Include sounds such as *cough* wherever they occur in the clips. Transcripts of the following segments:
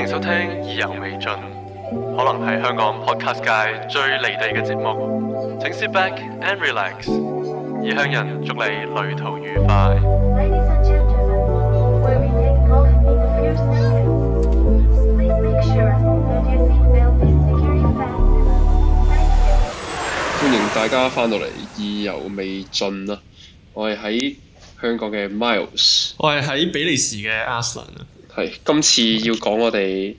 歡迎收聽《意猶未盡》，可能係香港 Podcast 界最離地嘅節目，請 sit back and relax。異鄉人祝你旅途愉快。歡迎大家翻到嚟《意猶未盡》啊！我係喺香港嘅 Miles，我係喺比利時嘅 Aslan 啊！係今次要講我哋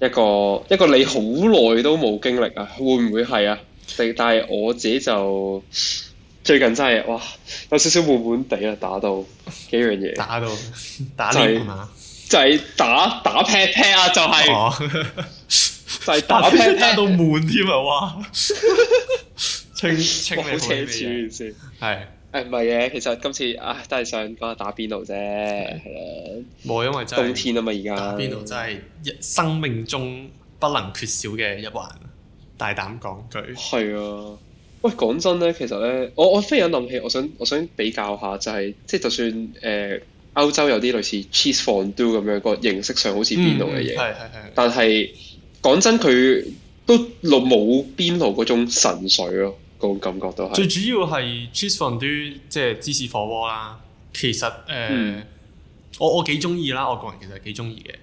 一個一個你好耐都冇經歷啊，會唔會係啊？但係我自己就最近真係哇，有少少悶悶地啊，打到幾樣嘢，打到就係就係打打劈劈啊，就係、是、就係、是、打劈劈到悶添啊！哇， *laughs* *laughs* 清清你奢侈先係。 *laughs* *laughs* 誒，唔係嘅，其實今次，唉、哎，都係想講下打邊爐啫，係啦的，冇的，因為冬天啊嘛，而家打邊爐真係生命中不能缺少嘅一環。大膽講句，係啊，喂，講真咧，其實咧，我我忽然諗起，我想我想比較下，就係即係就算誒，呃、歐洲有啲類似 cheese fondue 咁樣，嗰個形式上好似邊爐嘅嘢，係係係，但係講真，佢都冇邊爐嗰種純粹咯。個感覺都係最主要係 cheese fondue，即係芝士火鍋啦。其實誒、呃嗯，我我幾中意啦，我個人其實幾中意嘅。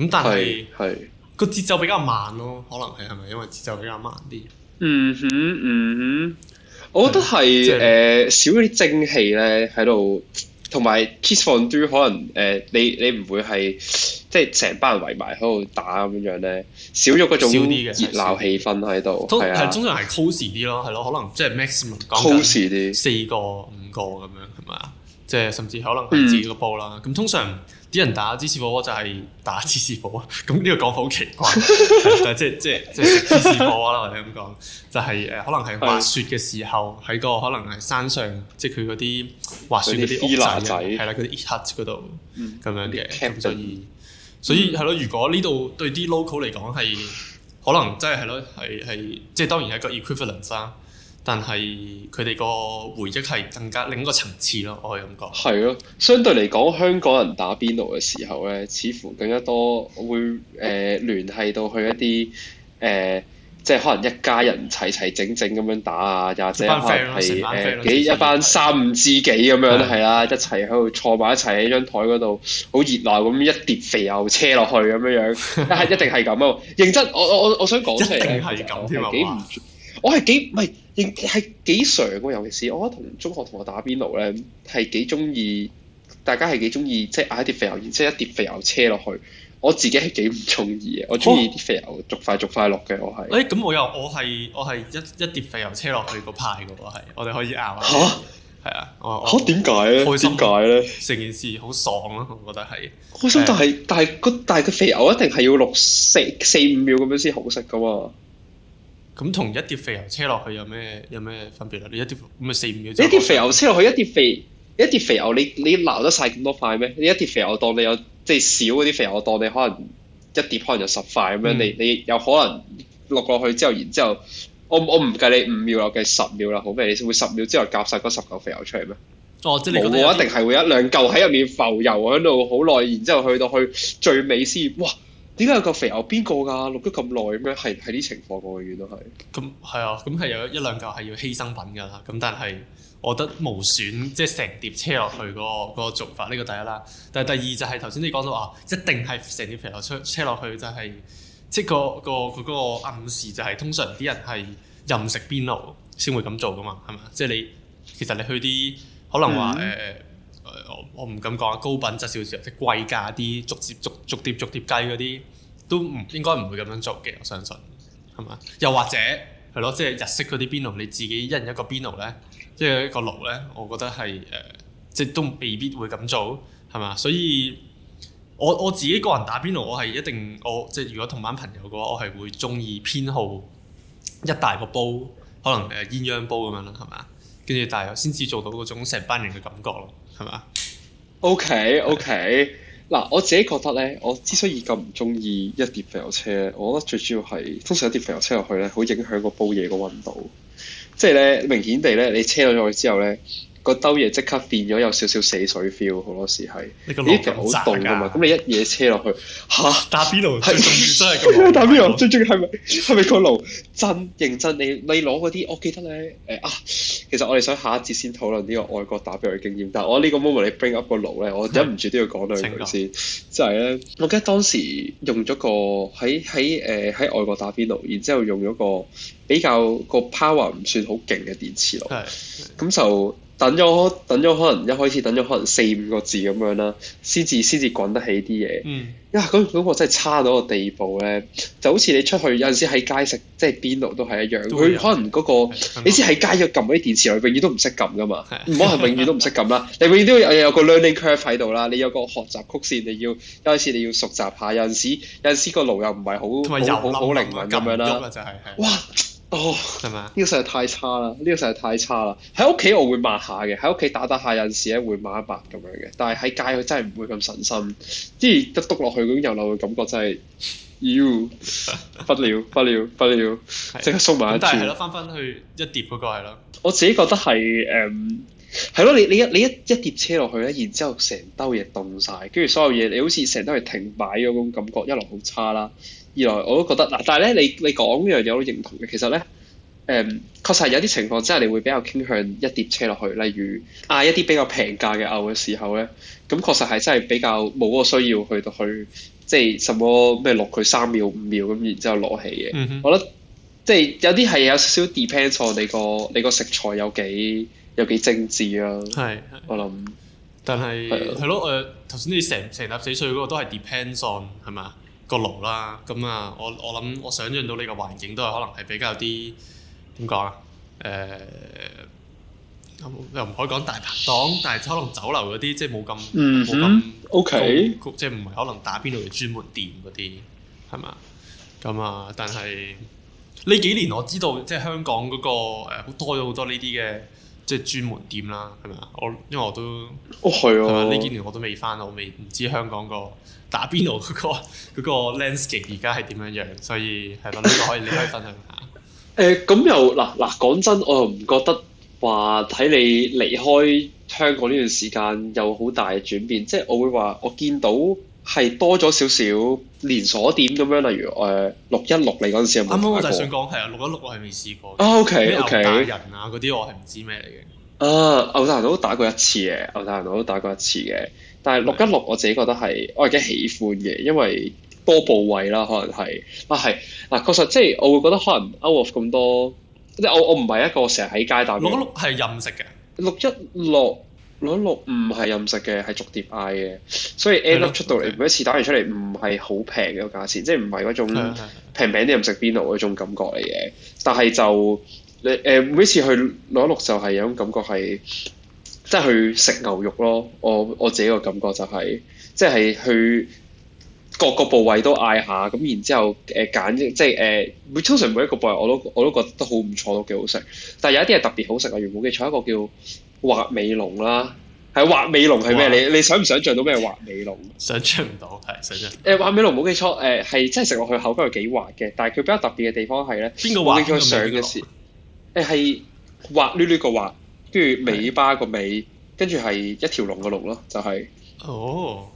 咁但係係個節奏比較慢咯，可能係係咪因為節奏比較慢啲、嗯？嗯哼嗯哼，是我覺得係誒少啲蒸氣咧喺度。同埋 cheese fondue 可能誒、呃、你你唔會係即係成班人圍埋喺度打咁樣咧，少咗嗰種熱鬧，少啲嘅熱鬧氣氛喺度，係啊，通常係 close 啲咯，係咯，可能、um，即係 maximum 講 close 啲四個五個咁樣係咪？即係甚至可能自己個波啦，咁、嗯、通常。啲人打芝士火鍋就係打芝士火鍋，咁 *laughs* 呢個講法好奇怪，但係即係即係即係芝士火鍋啦，或者咁講，就係、是、誒，可能係滑雪嘅時候喺個可能係山上，即係佢嗰啲滑雪嗰啲屋仔，係啦，嗰啲、e、huts 嗰度咁樣嘅，咁所以所以係咯，如果呢度對啲 local 嚟講係可能真係係咯，係係即係當然係一個 equivalence 啊。但係佢哋個回憶係更加另一個層次咯，我可以咁講，係咯，相對嚟講，香港人打邊爐嘅時候咧，似乎更加多會誒聯繫到去一啲誒，即係可能一家人齊齊整整咁樣打啊，或者可能係幾一班三五知己咁樣係啦，一齊喺度坐埋一齊喺張台嗰度，好熱鬧咁一碟肥牛車落去咁樣樣，但係一定係咁啊！認真，我我我我想講，出嚟，係咁，我係幾唔係。係幾常㗎？尤其是我同中學同學打邊爐咧，係幾中意大家係幾中意即係嗌一碟肥牛，即係一碟肥牛車落去。我自己係幾唔中意嘅，我中意啲肥牛、哦、逐塊逐塊落嘅。我係誒咁，我又我係我係一一碟肥牛車落去嗰派嘅，我係我哋可以咬嚇係啊！我嚇點解咧？點解咧？成、啊、件事好爽咯、啊，我覺得係。我開心，但係但係個但係個肥牛一定係要六四四五秒咁樣先好食嘅喎。咁同一碟肥牛車落去有咩有咩分別咧？你一碟咁咪四五秒你你，你一碟肥牛車落去一碟肥一碟肥牛，你你撈得晒咁多塊咩？你一碟肥牛當你有即係少嗰啲肥牛當，你可能一碟可能有十塊咁樣，嗯、你你有可能落落去之後，然之後我我唔計你五秒，落計十秒啦，好咩？你會十秒之後夾晒嗰十嚿肥牛出嚟咩？冇啊、哦，我一定係會一兩嚿喺入面浮油喺度好耐，然之後去到去最尾先，哇！點解有嚿肥牛邊個㗎？錄咗咁耐咩？係係啲情況，我覺得係。咁係啊，咁、嗯、係有一一兩嚿係要犧牲品㗎啦。咁但係，我覺得無損，即係成碟車落去嗰、那個做法，呢個第一啦。但係第二就係頭先你講到啊，一定係成碟肥牛出車落去就係、是，即係、那個個佢、那個暗示就係、是、通常啲人係任食邊爐先會咁做㗎嘛，係嘛？即係你其實你去啲可能話誒、呃，我我唔敢講啊，高品質少少即貴價啲逐碟逐逐碟，逐碟，逐，碟逐碟計嗰啲。都唔應該唔會咁樣做嘅，我相信，係嘛？又或者係咯，即係、就是、日式嗰啲邊爐，你自己一人一個邊爐咧，即係一個爐咧，我覺得係誒、呃，即係都未必會咁做，係嘛？所以我我自己個人打邊爐，我係一定，我即係如果同班朋友嘅話，我係會中意偏好一大個煲，可能誒鴛鴦煲咁樣啦，係嘛？跟住但係先至做到嗰種成班人嘅感覺咯，係嘛？OK OK。嗱，我自己覺得咧，我之所以咁唔中意一碟肥牛車，我覺得最主要係，通常一碟肥牛車落去咧，好影響個煲嘢個温度，即係咧明顯地咧，你車咗入去之後咧。個兜嘢即刻變咗有少少死水 feel，好多時係，呢條好凍㗎嘛，咁、啊、你一嘢車落去，吓打邊爐係真係咁、啊、 *laughs* 打邊爐最中意係咪係咪個爐真認真你？你你攞嗰啲，我記得咧誒啊，其實我哋想下一節先討論呢個外國打邊爐嘅經驗，但係我呢個 moment 你 bring up 個爐咧，我忍唔住都要講兩句先，就係咧，我記得當時用咗個喺喺誒喺外國打邊爐，然之後用咗個比較個 power 唔算好勁嘅電磁爐，咁的就。等咗，等咗可能一開始等咗可能四五個字咁樣啦，先至先至滾得起啲嘢。嗯，呀，嗰個真係差到個地步咧，就好似你出去有陣時喺街食，即係邊爐都係一樣。佢可能嗰個，你知喺街要撳嗰啲電磁爐，永遠都唔識撳㗎嘛。唔可能永遠都唔識撳啦，嗯、你永遠都要有個 learning curve 喺度啦。你有個學習曲線，你要一開始你要熟習下。有陣時，有陣時個腦又唔係好好好靈敏咁樣啦，就係、係、哇。 *laughs* *laughs* 哦，係咪？呢個實在太差啦！呢、這個實在太差啦！喺屋企我會抹下嘅，喺屋企打打下，有陣時咧會抹一抹咁樣嘅。但係喺街佢真係唔會咁神心，即係一篤落去嗰種油流嘅感覺真係，妖 *laughs* 不了不了不了，即刻縮埋一團。但係係咯，翻翻去一碟嗰、那個係咯。我自己覺得係誒，係、um, 咯，你你，你一你一一碟車落去咧，然之後成兜嘢凍晒，跟住所有嘢你好似成兜係停擺咗嗰種感覺，一路好差啦。二來我都覺得嗱，但係咧，你你講樣嘢我都認同嘅。其實咧，誒、嗯、確實係有啲情況真係你會比較傾向一碟車落去，例如嗌一啲比較平價嘅牛嘅時候咧，咁、嗯、確實係真係比較冇個需要去到去即係什麼咩落佢三秒五秒咁，然之後攞起嘅。嗯、哼我覺得即係有啲係有少少 depends on 你個你個食材有幾有幾，有幾精緻啊。係我諗想，但係係咯誒，頭先的、呃、你成成碟死碎嗰個都係 depends on 係嘛？個爐啦，咁啊，我我諗我想象到呢個環境都係可能係比較啲點講啊？誒、呃，又唔可以講大排檔，但係可能酒樓嗰啲即係冇咁冇咁高，即係唔係可能打邊爐嘅專門店嗰啲係嘛？咁啊，但係呢幾年我知道即係香港嗰、嗰個好多咗好多呢啲嘅。即係專門店啦，係咪啊？我因為我都哦係啊，呢幾年我都未返，我未唔知香港打邊、那個打邊爐嗰個嗰個 landscape 而家係點樣樣，所以係諗下可以，你可以分享下。誒、 *laughs* 呃，咁又嗱嗱講真，我又唔覺得話睇你離開香港呢段時間有好大嘅轉變，即係我會話我見到。係多咗少少連鎖店咁樣，例如誒六一六嚟，嗰陣時有冇打過？啱啱我就想講，係啊，六一六我係未試過。o k、啊、OK, okay.。牛大人啊，嗰啲我係唔知咩嚟嘅。啊，牛大人都打過一次嘅，牛大人都打過一次嘅。但係六一六我自己覺得係我係幾喜歡嘅，因為多部位啦，可能係啊係嗱、啊，確實即係我會覺得可能 Out of 咁多，即係我我唔係一個成日喺街打。六一六係任食嘅。六一六。攞六唔係任食嘅，係逐碟嗌嘅，所以 end up 出到嚟，的每一次打完出嚟唔係好平嘅個價錢，的即係唔係嗰種平平啲任食邊爐嗰種感覺嚟嘅。但係就你誒、呃、每一次去攞六就係有種感覺係即係去食牛肉咯。我我自己個感覺就係、是、即係去各個部位都嗌下，咁然之後誒揀、呃、即係誒，通、呃、常每一個部位我都我都覺得都好唔錯，都幾好食。但係有一啲係特別好食啊，原本記錯一個叫。滑尾龍啦，係滑尾龍係咩？你你想唔想象到咩滑尾龍？想象唔到，係想象。誒，滑尾龍冇好記錯，誒、呃、係真係食落去口 feel 係幾滑嘅，但係佢比較特別嘅地方係咧，邊個滑？我見佢上嘅時，誒係、嗯呃、滑捋捋個滑，跟住尾巴個尾，跟住係一條龍個龍咯，就係、是。哦，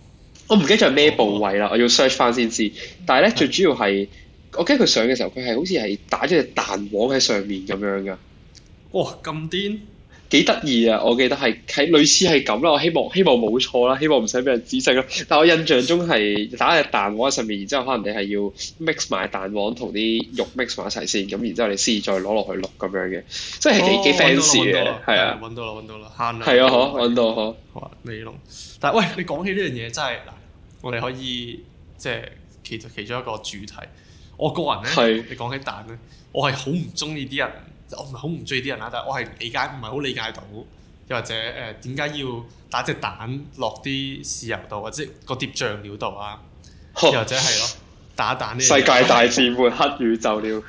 我唔記得咗係咩部位啦，哦、我要 search 翻先知。但係咧最主要係， *laughs* 我記佢上嘅時候，佢係好似係打咗隻蛋黃喺上面咁樣噶。哇、嗯，咁癲、哦！幾得意啊！我記得係喺類似係咁啦，我希望希望冇錯啦，希望唔使俾人指正啦。但係我印象中係打隻蛋黃喺上面，然之後可能你係要 mix 埋蛋黃同啲肉 mix 埋一齊先，咁然之後你先再攞落去淥咁樣嘅，即係幾幾 fans 嘅，係啊！揾到啦，揾到啦，係啊，呵，揾到好啊，未淥。但係喂，你講起呢樣嘢真係嗱，我哋可以即係、就是、其其中一個主題。我個人咧，是你講起蛋咧，我係好唔中意啲人。我唔係好唔中意啲人啦，但係我係理解唔係好理解到，又或者誒點解要打隻蛋落啲豉油度，或者個碟醬料度啊，又或者係咯呵打蛋呢？世界大戰會黑宇宙了，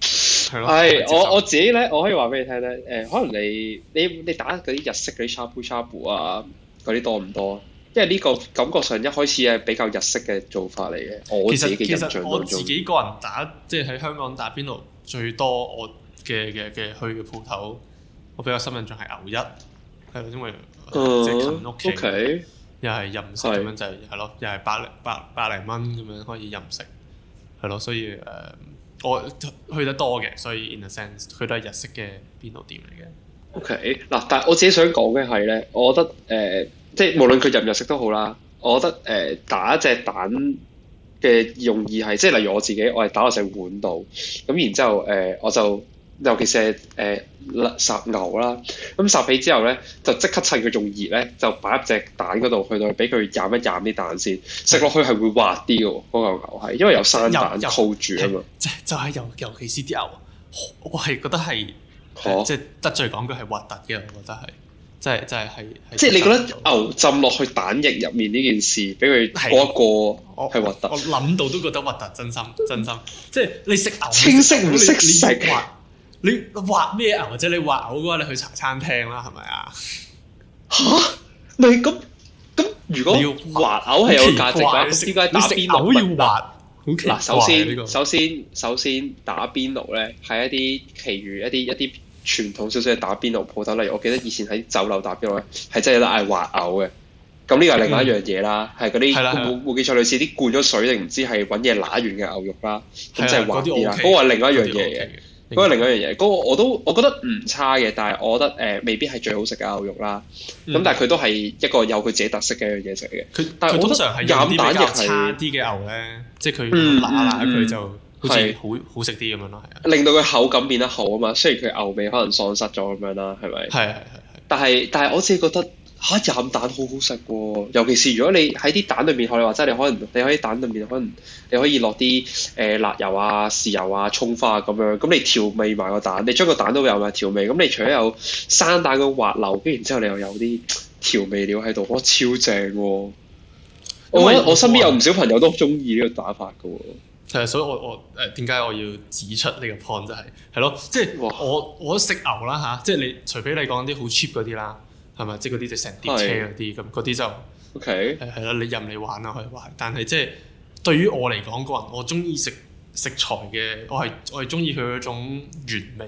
係咯 *laughs* 了，係我我自己咧，我可以話俾你聽咧，誒、呃、可能你你你打嗰啲日式嗰啲 shabu shabu 啊，嗰啲多唔多？因為呢個感覺上一開始係比較日式嘅做法嚟嘅。我其實其實我自己個人打即係喺香港打邊爐最多我。嘅嘅嘅去嘅鋪頭，我比較深印象係牛一，係咯，因為、uh，即係近屋企，又係任食咁樣就係係咯，又係百百百零蚊咁樣可以任食，係咯，所以誒、uh，我去得多嘅，所以 in a sense 佢都係日式嘅邊爐店嚟嘅。O K 嗱，但係我自己想講嘅係咧，我覺得誒、呃、即係無論佢入唔入食都好啦，我覺得誒、呃、打一隻蛋嘅用意係即係例如我自己，我係打落成碗度咁，然之後誒、呃、我就。尤其是係誒剷牛啦，咁剷起之後咧，就即刻趁佢仲熱咧，就擺入隻蛋嗰度去到，俾佢飲一飲啲蛋先，食落的去係會滑啲嘅，嗰、那個、牛牛係，因為有生蛋箍住啊嘛。即係就係、是、尤、就是、尤其是啲牛，我係覺得係，即係、哦、得罪講句係核突嘅，我覺得係，真係真係係。就是、即係你覺得牛浸落去蛋液入面呢件事，俾佢嗰一個，係核突。我諗到都覺得核突，真心真心，真心。即係你食牛，清晰唔識食。 *laughs* 你滑咩啊？或者你滑牛嘅話，你去茶餐廳啦，係咪啊？嚇、啊！咪咁咁？如果要滑牛係有價值嘅，點解吃打邊爐要滑？嗱宜滑、啊，首先、這個、首先首先打邊爐咧，係一啲其餘一啲一啲傳統少少嘅打邊爐鋪頭，例如我記得以前喺酒樓打邊爐咧，係真係有得嗌滑牛嘅。咁呢個係另外一樣嘢啦，係嗰啲冇冇記錯，類似啲灌咗水定唔知係揾嘢揦完嘅牛肉啦，咁就係滑啲啦。嗰個係另外一樣嘢 was、okay, okay。嗰個另一樣嘢，嗰、那個我都我覺得唔差嘅，但係我覺得誒、呃、未必係最好食嘅牛肉啦。咁、嗯、但係佢都係一個有佢自己特色嘅一樣嘢食嘅。佢它但係我覺得通常係軟蛋肉差啲嘅牛咧，嗯、即係佢辣辣佢就好似好、嗯嗯、好食啲咁樣咯，係令到佢口感變得好啊嘛，雖然佢牛味可能喪失咗咁樣啦，係咪？係係係但係但係我自己覺得。嚇，鹹蛋好好食喎！尤其是如果你喺啲蛋裏面，學你話齋，你可能你可以喺蛋裏面可能你可以落啲誒辣油啊、豉油啊、葱花咁樣，咁、嗯、你調味埋個蛋，你將個蛋都有埋調味，咁你除咗有生蛋嘅滑溜，跟住之後你又有啲調味料喺度，哇，超正、哦！我我身邊有唔少朋友都中意呢個打法嘅喎、哦。係啊，所以我我誒點解我要指出呢個 point 就係係咯，即、就、係、是、我我食牛啦吓，即係你除非你講啲好 cheap 嗰啲啦。係咪？即嗰啲的就成碟車嗰啲咁，嗰啲就 OK 係係啦。你任你玩啦，可以玩。但係即係對於我嚟講，個人我中意食食材嘅，我係我係中意佢嗰種原味。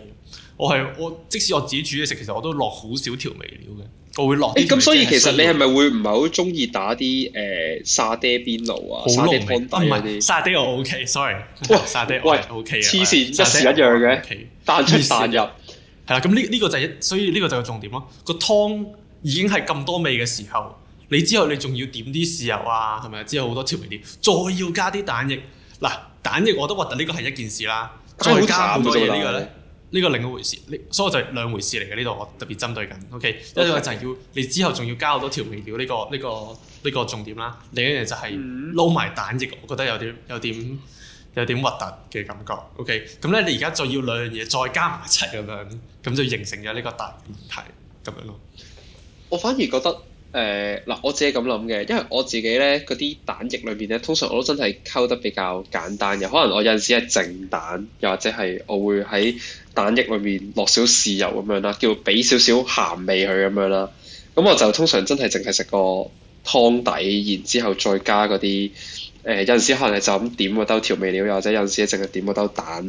我係我即使我自己煮嘢食，其實我都落好少調味料嘅。我會落、欸。咁，所以其實你係咪會唔係好中意打啲誒、呃、沙爹邊爐啊？沙爹湯底、啊啊、唔係、沙爹我 OK，sorry、OK。哇沙爹 OK 喂 OK 啊，喂黐線、一時一樣嘅，但出但入。 *laughs* 係啦，咁呢呢個就係、是，所以呢個就係重點咯。個湯已經係咁多味嘅時候，你之後你仲要點啲豉油啊，係咪？之後好多調味料，再要加啲蛋液。嗱，蛋液我都覺得呢個係一件事啦。再加咁多嘢呢、呢個咧，呢個另一回事。所以就兩回事嚟嘅呢度，呢個、我特別針對緊。OK，一個就係要你之後仲要加好多調味料呢、呢個呢、呢個呢、呢個重點啦。另一樣就係撈埋蛋液，我覺得有點有點。有啲核突嘅感覺，OK，咁咧你而家就要兩樣嘢再加埋一齊咁樣，咁就形成咗呢個大問題咁樣咯。我反而覺得，誒、呃、嗱，我自己咁諗嘅，因為我自己咧，嗰啲蛋液裏面咧，通常我都真係溝得比較簡單嘅，可能我有陣時係淨蛋，又或者係我會喺蛋液裏面落少豉油咁樣啦，叫俾少少鹹味佢咁樣啦。咁我就通常真係淨係食個湯底，然之後再加嗰啲。誒、嗯、有陣時可能係就咁點個兜調味料，又或者有陣時淨係點個兜蛋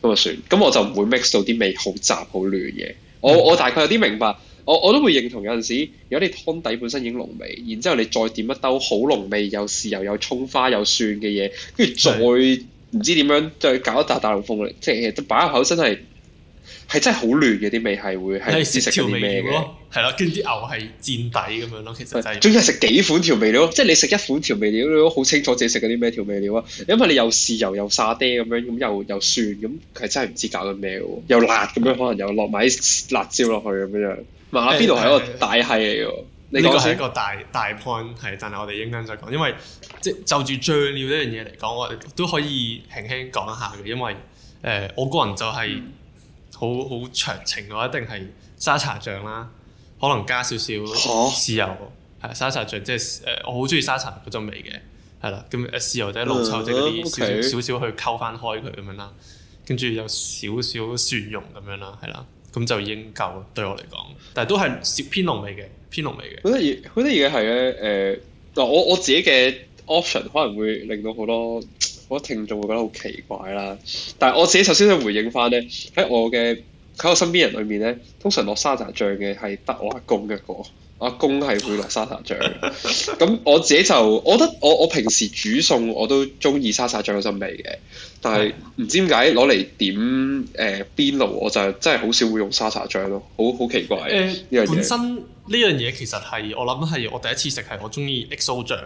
咁就算。咁我就唔會 mix 到啲味好雜好亂嘅。我我大概有啲明白，我我都會認同有陣時，如果你湯底本身已經濃味，然之後你再點一兜好濃味，又豉油、又葱花、又蒜嘅嘢，跟住再唔知點樣再搞一打大龍鳳咧，即係擺入口真係～係真係好嫩嘅啲味係會係試食嗰味咩嘅，係啦，跟住啲牛係墊底咁樣咯，其實就係。總之係食幾款調味料，即係你食一款調味料你都好清楚，自己食嗰啲咩調味料啊？因為你又豉油沙又沙爹咁樣，咁又又蒜咁係真係唔知搞緊咩嘅，又辣咁樣，可能又落埋啲辣椒落去咁樣。嘛，邊度係一個大係嚟嘅，呢個係一個大大 point 係，但係我哋應該再講，因為即係就住醬料呢樣嘢嚟講，我哋都可以輕輕講下嘅，因為誒、呃、我個人就係、是。嗯嗯好好長情嘅話，我一定係沙茶醬啦，可能加少少豉油，係、啊、沙茶醬，即係誒，我好中意沙茶嗰種味嘅，係啦，咁豉油仔、綠醃仔嗰啲少少少去溝翻開佢咁樣啦，跟住有少少蒜蓉咁樣啦，係啦，咁就已經夠對我嚟講，但係都係少偏濃味嘅，偏濃味嘅。好多嘢，好多嘢家係咧，誒，嗱我我自己嘅 option 可能會令到好多。我聽眾會覺得好奇怪啦，但係我自己首先想回應翻咧，喺我嘅喺我身邊人裏面咧，通常落沙茶醬嘅係得我阿公我一個，阿公係會落沙茶醬。咁 *laughs* 我自己就，我覺得我我平時煮餸我都中意沙茶醬嘅陣味嘅，但係唔知點解攞嚟點誒邊爐，呃呃、我就真係好少會用沙茶醬咯，好好奇怪。誒、呃，件本身呢樣嘢其實係我諗係我第一次食係我中意 XO 醬。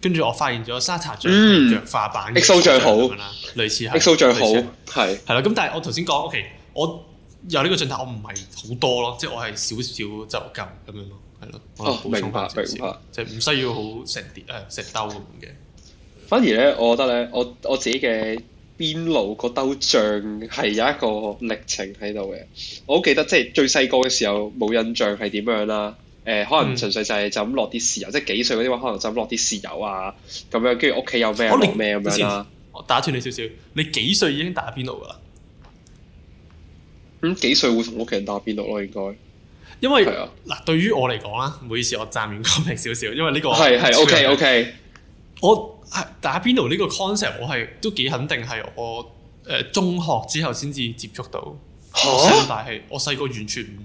跟住我發現咗沙茶醬係弱化版，XO 醬好啦，類似係 XO 醬好，係係啦。咁是但係我頭先講，OK，我有呢個樽頭我唔係好多咯，即係我係少少就夠咁樣咯，係咯。哦，明白許明白，就唔需要好成碟成兜咁嘅。反而咧，我覺得咧，我我自己嘅邊爐個兜醬係有一個歷程喺度嘅。我好記得，即係最細個嘅時候冇印象係點樣啦。誒、呃、可能純粹就係就咁落啲豉油，嗯、即係幾歲嗰啲話，可能就咁落啲豉油啊咁樣，跟住屋企有咩落咩咁樣啦。我打斷你少少，你幾歲已經打邊爐噶啦？咁、嗯、幾歲會同屋企人打邊爐咯？應該，因為嗱，啊、對於我嚟講啦，唔好意思，我暫時講明少少，因為呢、呢個係係 OK OK。我係打邊爐呢個 concept，我係都幾肯定係我誒中學之後先至接觸到。但係我細個完全唔。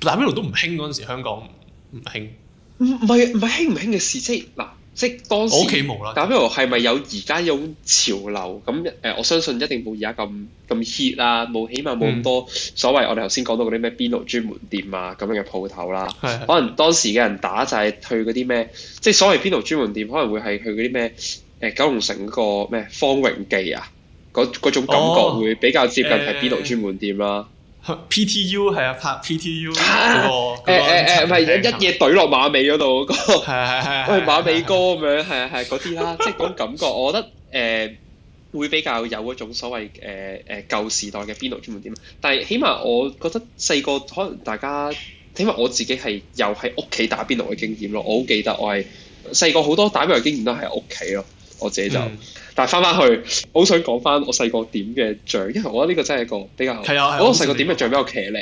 打邊爐都唔興嗰陣時，香港唔興，唔係唔係興唔興嘅事，即係嗱，即係當時我屋企冇啦。打邊爐係咪有而家呢種潮流咁？誒、呃，我相信一定冇而家咁咁 hit 啦，冇、啊，起碼冇咁多所謂我哋頭先講到嗰啲咩邊爐專門店啊咁樣嘅鋪頭啦。係係係可能當時嘅人打就係去嗰啲咩，即係所謂邊爐專門店，可能會係去嗰啲咩誒九龍城嗰個咩方榮記啊，嗰嗰種感覺會比較接近係邊爐專門店啦、啊。哦呃 PTU 係啊，拍 PTU 嗰、哦哦個，那個，誒誒誒，唔係一一夜懟落馬尾嗰度嗰個，係係係，好似馬尾哥咁樣，係啊係，嗰啲啦，即係嗰種感覺，我覺得誒、呃、會比較有嗰種所謂誒誒舊時代嘅邊爐專門點，但係起碼我覺得細個可能大家，起碼我自己係又喺屋企打邊爐嘅經驗咯，我好記得我係細個好多打邊爐經驗都喺屋企咯，我自己就。 *laughs* 但係翻翻去，好想講翻我細個點嘅醬，因為我覺得呢個真係一個比較， *music* 我細個點嘅醬比較騎呢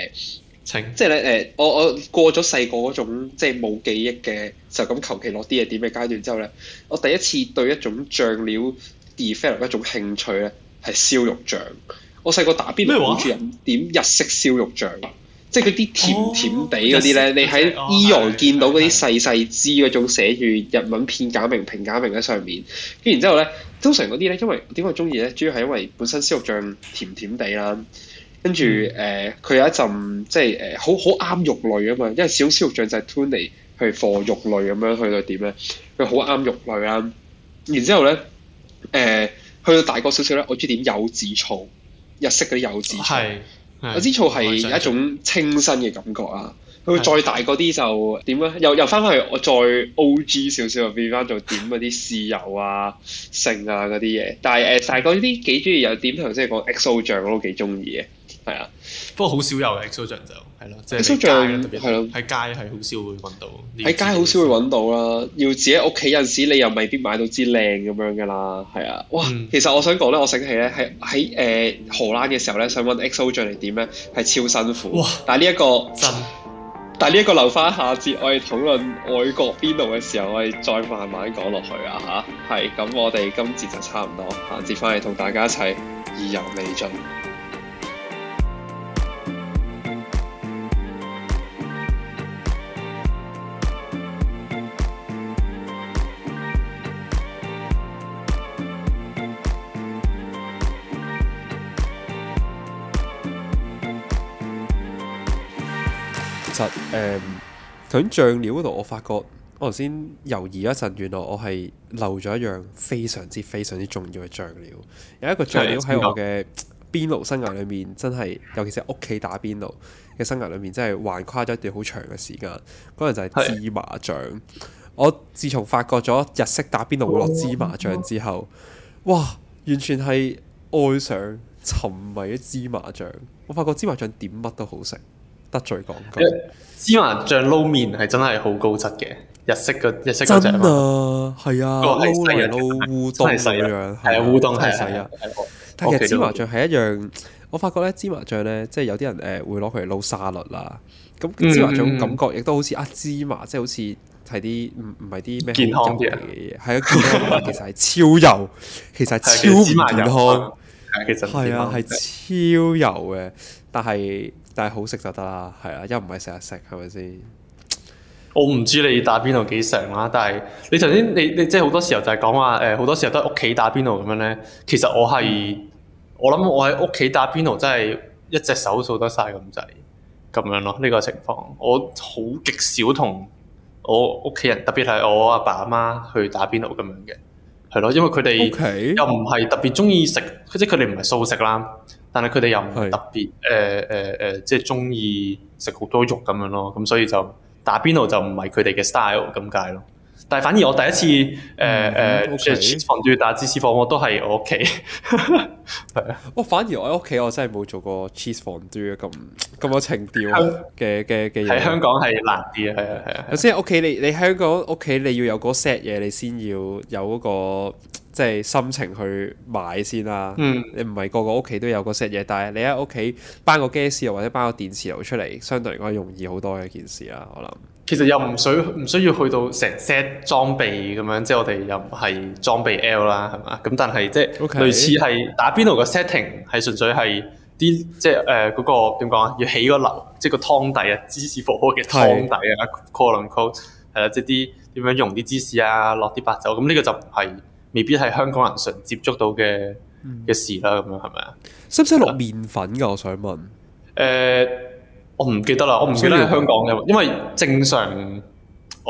請、呃。即係咧，誒，我我過咗細個嗰種即係冇記憶嘅，就咁求其落啲嘢點嘅階段之後咧，我第一次對一種醬料 develop 一種興趣咧，係燒肉醬。我細個打邊爐，諗麼住飲點日式燒肉醬。即係嗰啲甜甜地嗰啲咧，Oh, yes, 你喺伊洋見到嗰啲細細支嗰種寫住日文片假名、平假名喺上面，跟然之後咧，通常嗰啲咧，因為點解我中意咧？主要係因為本身燒肉醬甜甜地啦，跟住誒，佢、呃、有一陣即係誒好好啱肉類啊嘛，因為始終燒肉醬就係 t o n 嚟去放肉類咁樣去到點咧？佢好啱肉類啦。然之後咧，誒、呃、去到大個少少咧，我中意點柚子醋，日式嗰啲柚子醋。 *music* 我知醋係有一種清新嘅感覺啊！佢會再大啲就點啊？又又翻翻去我再 O.G. 少少，入變翻做點啲豉油啊、剩啊啲嘢。但係誒、呃、大嗰啲幾中意，又點頭先講 X.O 醬我都幾中意嘅，係啊！不過好少有 X.O 醬就。係咯，即係 XO 醬係咯，喺了街係好少會搵到。喺街好少會搵到啦，到要自己屋企有時你又未必買到支靚咁樣噶啦，係啊。哇，嗯、其實我想講咧，我醒起咧，喺喺誒荷蘭嘅時候咧，想搵 XO 醬嚟,點咧，係超辛苦。哇！但係呢一個真的，但係呢一個留翻下節，下節我哋討論外國邊度嘅時候，我哋再慢慢講落去啊吓。係咁，我哋今節就差唔多，下節翻嚟同大家一齊意猶未盡。其實誒，響、嗯、醬料嗰度，我發覺我頭先猶豫一陣，原來我係漏咗一樣非常之非常之重要嘅醬料。有一個醬料喺我嘅邊爐生涯裏面，真係尤其是屋企打邊爐嘅生涯裏面，真係橫跨咗一段好長嘅時間。嗰樣就係芝麻醬。的我自從發覺咗日式打邊爐會落芝麻醬之後，哇！完全係愛上沉迷啲芝麻醬。我發覺芝麻醬點乜都好食。得罪講嘅，芝麻醬撈麵係真係好高質嘅，日式嘅日式嘅嘢啊？係啊，個係真係撈烏冬咁樣，係啊，烏冬係啊。但其實芝麻醬係一樣，我發覺咧芝麻醬咧，即係有啲人誒會攞佢嚟撈沙律啦。咁芝麻醬感覺亦都好似啊芝麻，即係好似係啲唔唔係啲咩健康嘅嘢，係一個其實係超油，其實超唔健康。其係啊，係超油嘅。但係但係好食就得啦，係啦，又唔係成日食，係咪先？我唔知你打邊爐幾常啦，但係你頭先你你即係好多時候就係講話誒，好、呃、多時候都喺屋企打邊爐咁樣咧。其實我係、嗯、我諗我喺屋企打邊爐真係一隻手數得晒咁滯，咁樣咯呢、呢個情況。我好極少同我屋企人，特別係我阿爸阿媽去打邊爐咁樣嘅，係咯，因為佢哋 Okay? 又唔係特別中意食，即係佢哋唔係素食啦。但係佢哋又唔特別誒誒誒，即係中意食好多肉咁樣咯，咁所以就打邊爐就唔係佢哋嘅 style 咁解咯。但係反而我第一次誒誒 c h e 房豬打芝士房我都係我屋企。哇，反而我喺屋企我真係冇做過 cheese 房豬啊，咁咁有情調嘅嘅嘅嘢。喺香港係辣啲啊，係啊係啊。首先屋企你你香港屋企你要有嗰 set 嘢，你先要有嗰個。即係心情去買先啦、啊。嗯、你唔係個個屋企都有個 set 嘢，但係你喺屋企搬個 gas 又或者包個電磁爐出嚟，相對嚟講容易好多嘅一件事啦、啊。我諗其實又唔需唔需要去到成 set 裝備咁樣，即係我哋又唔係裝備 L 啦，係嘛？咁但係即係 Okay 類似係打邊爐嘅 setting 係純粹係啲即係誒嗰個點講啊？要起個爐，即係個湯底，湯底啊，芝士火鍋嘅湯底啊，colon col，係啦，即啲點樣融啲芝士啊，落啲白酒，咁呢個就唔係。未必係香港人常接觸到嘅嘅事啦，咁樣係咪啊？使唔使落麵粉噶？我想問。誒，我唔記得啦，我唔記得係香港嘅，因為正常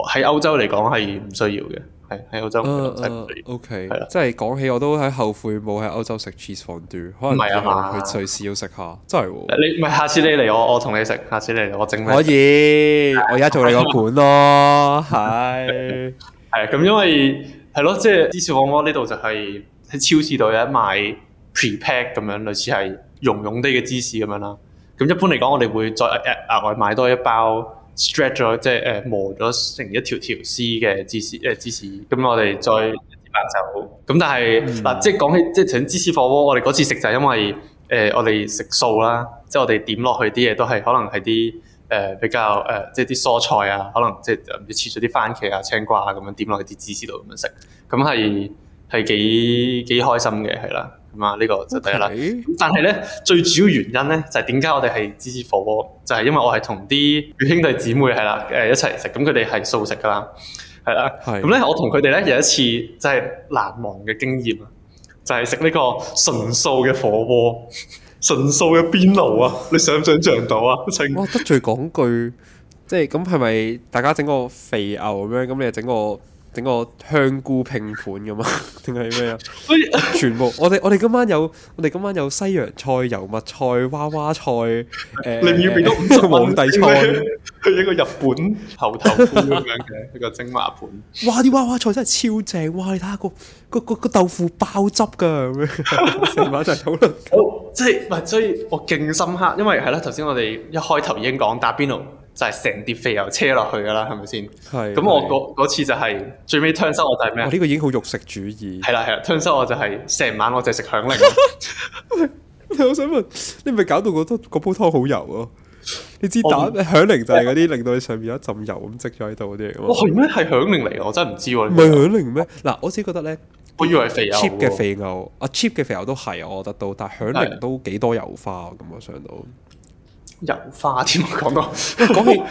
喺歐洲嚟講係唔需要嘅，係喺歐洲。嗯 O K。即係講起我都喺後悔冇喺歐洲食 cheese fondue，可能係啊，佢隨時要食下，真係喎。你唔係下次你嚟我，我同你食。下次你嚟我整。可以，我而家做你個盤咯，係。係咁因為。係咯，即係芝士火鍋呢度就係喺超市度有得買 pre-pack 咁樣，類似係融融啲嘅芝士咁樣啦。咁一般嚟講，我哋會再額外買多一包 stretch 咗，即係誒磨咗成一條條絲嘅芝士誒芝士。咁、呃、我哋再一啲白酒。咁但係嗱、嗯啊，即係講起即係整芝士火鍋，我哋嗰次食就係因為誒、呃、我哋食素啦，即係我哋點落去啲嘢都係可能係啲。誒、呃、比較誒、呃，即係啲蔬菜啊，可能即係、呃、切咗啲番茄啊、青瓜啊咁樣點落去啲芝士度咁樣食，咁係係幾幾開心嘅係啦，咁啊呢個就第一啦。Okay? 但係咧，最主要原因咧就係點解我哋係芝士火鍋，就係、係、因為我係同啲兄弟姊妹係啦誒一齊食，咁佢哋係素食㗎啦，係啦。咁咧的的我同佢哋咧有一次真係難忘嘅經驗啊，就係食呢個純素嘅火鍋。純素嘅邊爐啊！你想唔想像到啊？我得罪講句，即係咁，係咪大家整個肥牛咁樣？咁你又整個？整個香菇拼盤咁嘛，定係咩啊？ *laughs* 全部我哋我哋今晚有我哋今晚有西洋菜、油麥菜、娃娃菜，寧、呃、願變咗五十皇帝菜創，去一個日本頭頭咁樣嘅 *laughs* 一個精華盤。哇！啲娃娃菜真係超正，哇！你睇下個個個豆腐包汁噶，成日喺度討論。即係唔係？所以我勁深刻，因為係啦，頭先我哋一開頭已經講打邊爐。就係成碟肥油車落去㗎喇，係咪先？係。咁我嗰次就係、是、最尾吞濕我就係咩？呢、哦這個已經好肉食主義。係啦係啦，吞濕我就係成晚我就食響鈴。我想問，你咪搞到嗰煲湯好油囉？你知蛋響鈴就係嗰啲令到你上面有一浸油咁積咗喺度嗰啲。哇係咩？係響鈴嚟？我真係唔知喎。唔係響鈴咩？嗱、啊，我自己覺得咧，我以為肥牛，cheap 嘅肥牛啊，cheap 嘅肥牛都係我覺得都，但係響鈴都幾多油花咁啊上到。油花添，講到講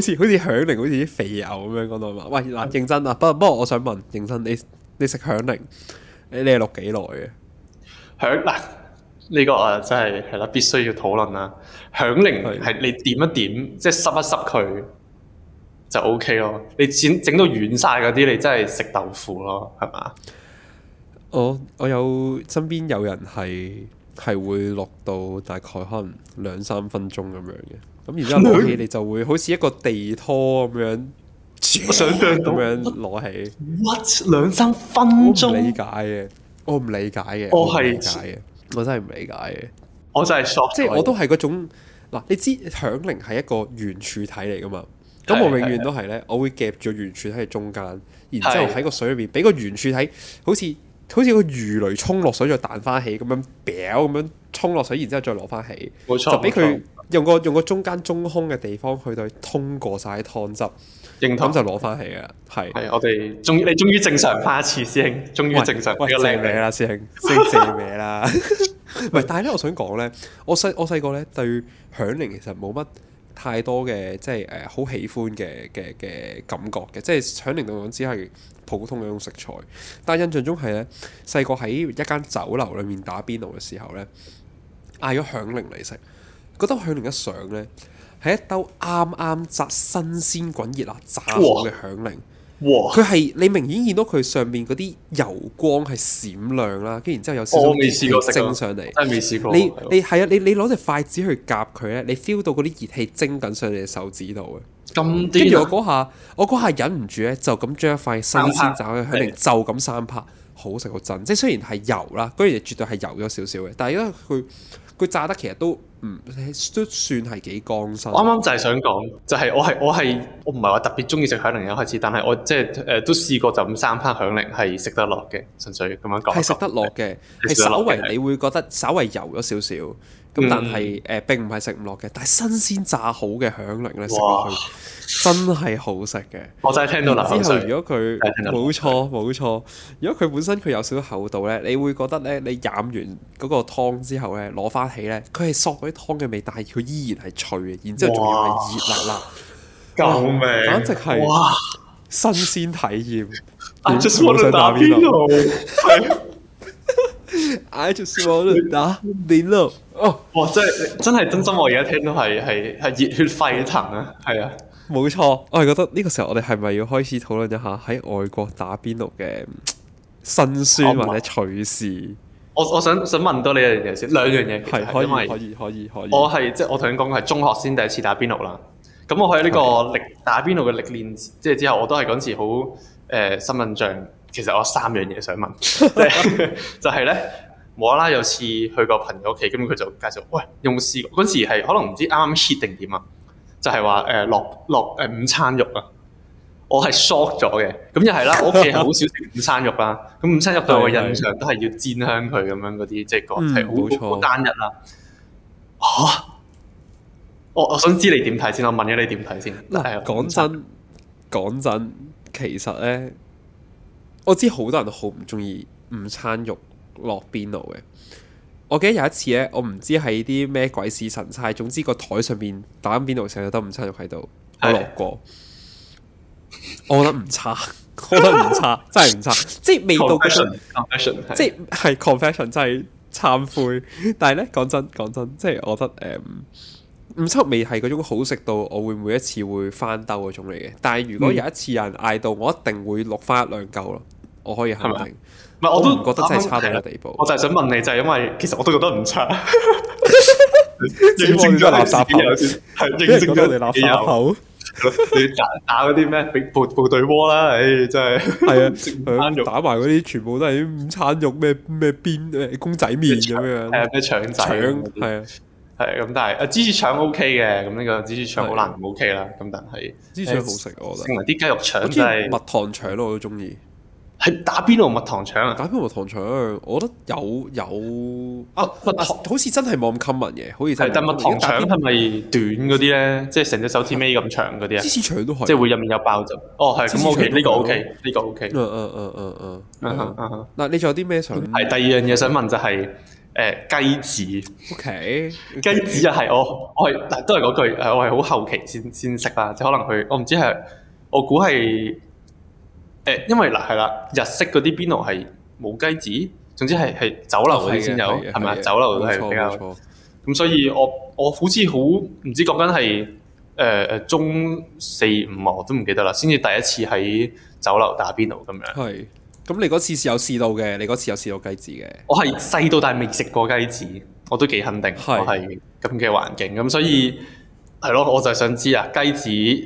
起，好似好似響鈴，好似啲肥牛咁樣講到嘛？喂，嗱，認真啊，不不過我想問，認真你你食響鈴，你你係錄幾耐嘅？響嗱呢個啊，真係係啦，必須要討論啦。響鈴係你點一點，的即係濕一濕佢就 OK 咯。你整整到軟晒嗰啲，你真係食豆腐咯，係嘛？我我有身邊有人係。係會落到大概可能兩三分鐘咁樣嘅，咁然之後攞起你就會好似一個地拖咁樣，我想象到咁樣攞起。what 兩三分鐘？我唔理解嘅，我唔理解嘅，我係是唔理解嘅，我真係唔理解嘅。我，我真是就係傻，即係我都係嗰種嗱，你知響鈴係一個圓柱體嚟噶嘛？咁我永遠都係咧，我會夾住圓柱體喺中間，的然之後喺個水裏邊俾個圓柱體好似。好似個魚雷衝落水再彈翻起咁樣，表咁樣衝落水，然之後再攞翻起，冇錯，就俾佢用個錯用個中間中空嘅地方去到通過晒湯汁，咁湯就攞翻起啊！係係，我哋終你終於正常化一次，師兄終於正常，喂個喂你個靚嘢啦，師兄，謝你謝你啦。唔係，但係咧，我想講咧，我細我細個咧對響鈴其實冇乜太多嘅即係誒、呃、好喜歡嘅嘅嘅感覺嘅，即係響鈴嚟講只係普通嘅一種食材，但係印象中係咧細個喺一間酒樓裏面打邊爐嘅時候咧嗌咗響鈴嚟食，覺得響鈴一上咧係一兜啱啱炸新鮮滾熱辣炸好嘅響鈴。佢係哇你明顯見到佢上面嗰啲油光係閃亮啦，跟住然之後有少少蒸上嚟，真係未試過。未試過你你係啊，你你攞隻筷子去夾佢咧，你 feel 到嗰啲熱氣蒸緊上你隻手指度嘅。咁跟住我嗰下，我嗰下忍唔住咧，就咁將一塊新鮮的生煎炸去，肯定就咁生拍，好食好真。即係雖然係油啦，跟住絕對係油咗少少嘅，但係因為佢。佢炸得其實都唔都算係幾乾身。啱啱就係想講，就係、是、我係我係是的 我唔係話特別中意食響鈴，一開始，但係我即係誒都試過就咁三番響鈴係食得落嘅，純粹咁樣講，講。係食得落嘅，係稍為你會覺得稍為油咗少少，咁但係誒、嗯呃、並唔係食唔落嘅。但係新鮮炸好嘅響鈴咧，食落去。真係好食嘅，我真係聽到啦。然之後如果佢冇錯冇錯，如果佢本身佢有少少厚度咧，你會覺得咧，你飲完嗰個湯之後咧，攞翻起咧，佢係索嗰啲湯嘅味，但係佢依然係脆嘅，然之後仲要係熱辣辣，wow! 救命！簡直係哇，新鮮體驗。I just want to 打邊爐，I just wanna 打邊爐。哦，哇、네！真係真係，真心我而家聽到係係係熱血沸騰啊，係啊！冇錯，我係覺得呢個時候我哋係咪要開始討論一下喺外國打邊爐嘅辛酸或者趣事？我我想想問多你一樣嘢先，兩樣嘢係可以可以可以可以。我係即係我同你講，我係中學先第一次打邊爐啦。咁我喺呢個歷是打邊爐嘅歷練，即係之後我都係嗰時好誒新印象。其實我三樣嘢想問，即係 *laughs* *laughs* 就係咧無啦啦有次去個朋友屋企，咁佢就介紹，喂，有冇試過？嗰時係可能唔知啱啱 heat 定點啊。就係話誒落落誒、呃、午餐肉啊，我係 shock 咗嘅，咁又係啦，我屋企係好少食午餐肉啦，咁午餐肉對我印象都係要煎香佢咁樣嗰啲，即係個係好好單一啦。嚇！我我想知你點睇先，我問咗你點睇先。嗱，講真，講真，其實咧，我知好多人都好唔中意午餐肉落邊爐嘅。我記得有一次咧，我唔知係啲咩鬼使神差，總之個台上面打邊爐成日得五七肉喺度，我落過。 *laughs* 我覺得唔差，我覺得唔差， *laughs* 真係唔差。即係味道，confession，即係係 confession， *laughs* 真係懺悔。但係咧，講真講真，即係我覺得誒，五、嗯、七味係嗰種好食到我會每一次會翻兜嗰種嚟嘅。但係如果有一次有人嗌到，嗯、我一定會落翻一兩嚿咯，我可以肯定。我都唔覺得真係差到一個地步。我就係想問你，就係因為其實我都覺得唔差。認證咗垃圾口，係認證咗垃圾口。你打打嗰啲咩部部隊鍋啦，唉，真係係啊！肉，打埋嗰啲全部都係午餐肉咩咩邊咩公仔麪咁樣，係咩腸仔，係啊係啊。咁但係啊芝士腸 OK 嘅，咁呢個芝士腸好難唔 OK 啦。咁但係芝士腸好食我覺得。同埋啲雞肉腸真係蜜糖腸我都中意。係打邊爐蜜糖腸啊！打邊爐蜜糖腸，我覺得有有啊蜜糖，好似真係冇咁 common 嘅，好似真係。但係蜜糖腸，係咪短嗰啲咧？即係成隻手指尾咁長嗰啲啊？芝士腸都係，即係會入面有爆汁。哦，係咁，OK，呢個 OK，呢個 OK。嗯嗯嗯嗯，嗱，你仲有啲咩腸？係第二樣嘢想問就係誒雞子。OK，雞子又係我我係嗱都係嗰句，我係好後期先先食啦，即可能佢我唔知係我估係。誒，因為嗱係啦，日式嗰啲邊爐係冇雞子，總之係係酒樓先有，係咪的酒樓都係比較咁，錯所以我我好似好唔知講緊係誒誒中四五啊，我都唔記得啦。先至第一次喺酒樓打邊爐咁樣，係咁。那你嗰次是有試到嘅，你嗰次有試到雞子嘅。我係細到但大未食過雞子，我都幾肯定。係咁嘅環境，咁所以係咯，我就係想知啊，雞子